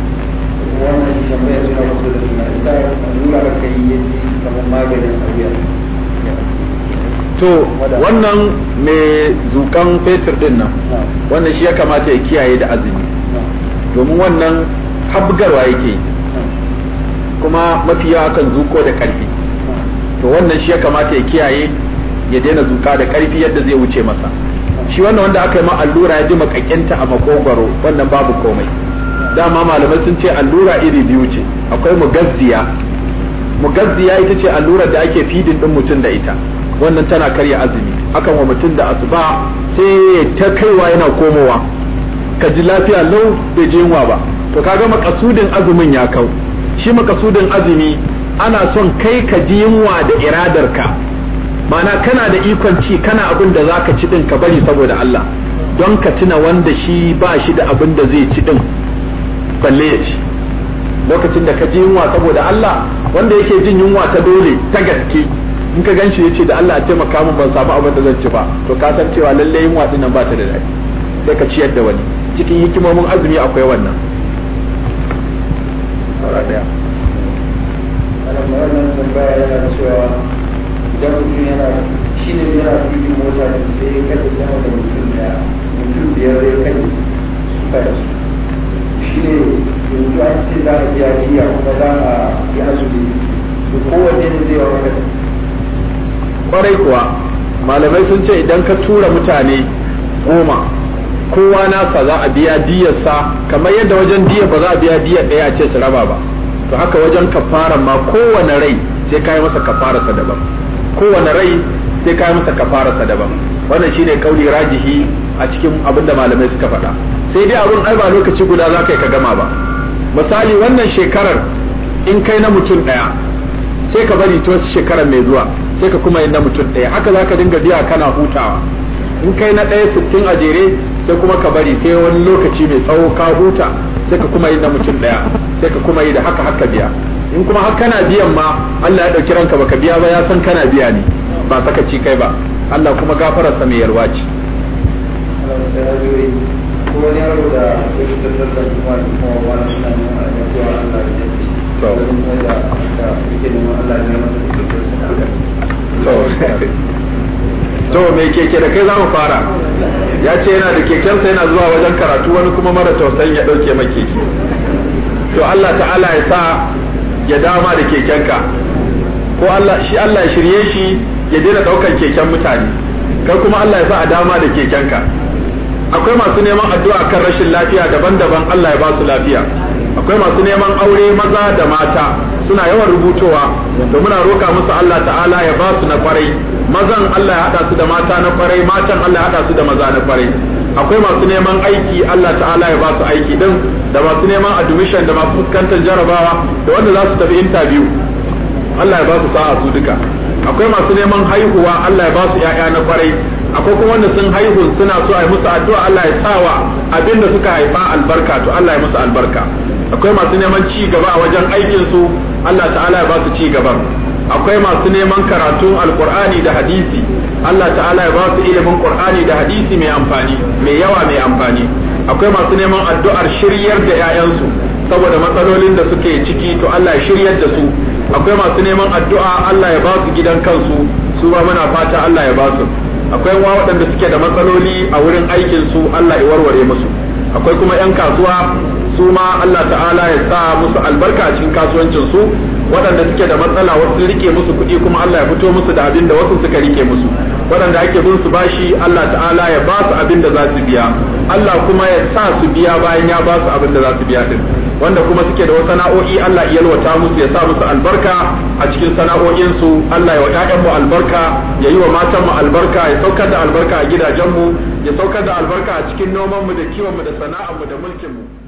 wannan suna da suna ita yi kamar maganin to wannan mai zukan fetur din nan wannan shi ya kamata ya kiyaye da azumi domin wannan habgarwa yake kuma mafi yawa kan zuko da karfi to wannan shi ya kamata ya kiyaye ya daina zuka da karfi yadda zai wuce masa shi wannan wanda aka yi ma allura ya ji makakinta a makogwaro wannan babu komai dama malamai sun ce allura iri biyu ce akwai mugazziya mugazziya ita ce allurar da ake fidin din mutum da ita wannan tana karya azumi akan wa mutum da asuba sai ta kaiwa yana komowa ka ji lafiya lau bai je yunwa ba to ka ga makasudin azumin ya kau shi makasudin azumi ana son kai ka ji yunwa da iradar ka mana kana da ikon ci kana abin da zaka ci din ka bari saboda Allah don ka tuna wanda shi ba shi da abin da zai ci din balle ya ci lokacin da ka ji yunwa saboda Allah wanda yake jin yunwa ta dole ta gaske in ka ganshi yace da Allah a taimaka min ban samu abin da zan ci ba to ka san cewa lalle yunwa din nan ba ta da daɗi sai ka ciyar da wani cikin hikimomin azumi akwai wannan yana mutum yana da ya da mutum da mutum ya su yanzu an ce za a biya biya kuma za a yi azumi to ne zai wa kwarai kuwa malamai sun ce idan ka tura mutane goma kowa nasa za a biya diyarsa kamar yadda wajen diya ba za a biya diyar ɗaya ce su raba ba to haka wajen kafara ma kowane rai sai kayi masa sa daban kowane rai sai kai masa sa daban wannan shine kauli rajihi a cikin abinda malamai suka faɗa sai dai abun ai ba lokaci guda za ka yi ka gama ba misali wannan shekarar in kai na mutum ɗaya sai ka bari ta wasu shekarar mai zuwa sai ka kuma yi na mutum ɗaya haka za ka dinga biya kana hutawa in kai na ɗaya sittin a jere sai kuma ka bari sai wani lokaci mai tsawo ka huta sai ka kuma yi na mutum ɗaya sai ka kuma yi da haka haka biya in kuma har kana biyan ma Allah ya ɗauki ranka baka biya ba ya san kana biya ne ba sakaci kai ba Allah kuma gafararsa mai yarwaci ce. da a da to Allah da to to mai keke da kai za mu fara ya ce yana da kekensa yana zuwa wajen karatu wani kuma mara tausayin ya ɗauke maki keke to Allah ta'ala ya sa ya dama da kekenka ko Allah shi Allah ya shirye shi ya daina ɗaukan keken mutane kai kuma Allah ya sa a dama da kekenka akwai masu neman addu'a kan rashin lafiya daban-daban Allah ya ba su lafiya akwai masu neman aure maza da mata suna yawan rubutowa da muna roka musu Allah ta'ala ya ba su na kwarai mazan Allah ya hada su da mata na kwarai matan Allah ya hada su da maza na kwarai akwai masu neman aiki Allah ta'ala ya ba su aiki din da masu neman admission da masu fuskantar jarabawa da wanda za su tafi interview Allah ya ba su sa'a su duka akwai masu neman haihuwa Allah ya ba su ƴaƴa na kwarai akwai kuma wanda sun haihu suna so a yi musu addu'a Allah ya sawa abin da suka haifa albarka to Allah ya musu albarka akwai masu neman ci gaba a wajen aikin su Allah ta'ala ya ba su ci gaban akwai masu neman karatu alqur'ani da hadisi Allah ta'ala ya ba su ilimin qur'ani da hadisi mai amfani mai yawa mai amfani akwai masu neman addu'ar shiryar da ƴaƴansu saboda matsalolin da suke ciki to Allah ya shiryar da su akwai masu neman addu'a Allah ya ba su gidan kansu su ba muna fata Allah ya ba su akwai wa waɗanda suke da matsaloli a wurin aikin su Allah ya warware musu akwai kuma 'yan kasuwa su ma Allah ta'ala ya sa musu albarka a cikin kasuwancin su waɗanda suke da matsala wasu rike musu kuɗi kuma Allah ya fito musu da abin da wasu suka rike musu waɗanda ake bin su bashi Allah ta'ala ya ba su abin da za su biya Allah kuma ya sa su biya bayan ya ba su abin da za su biya din wanda kuma suke da wasu sana'o'i Allah ya yalwata musu ya sa musu albarka a cikin sana'o'in su Allah ya wa ƴaƴanmu albarka ya yi wa matan mu albarka ya saukar da albarka a gidajen mu ya saukar da albarka a cikin noman mu da kiwon mu da mu da mulkin mu.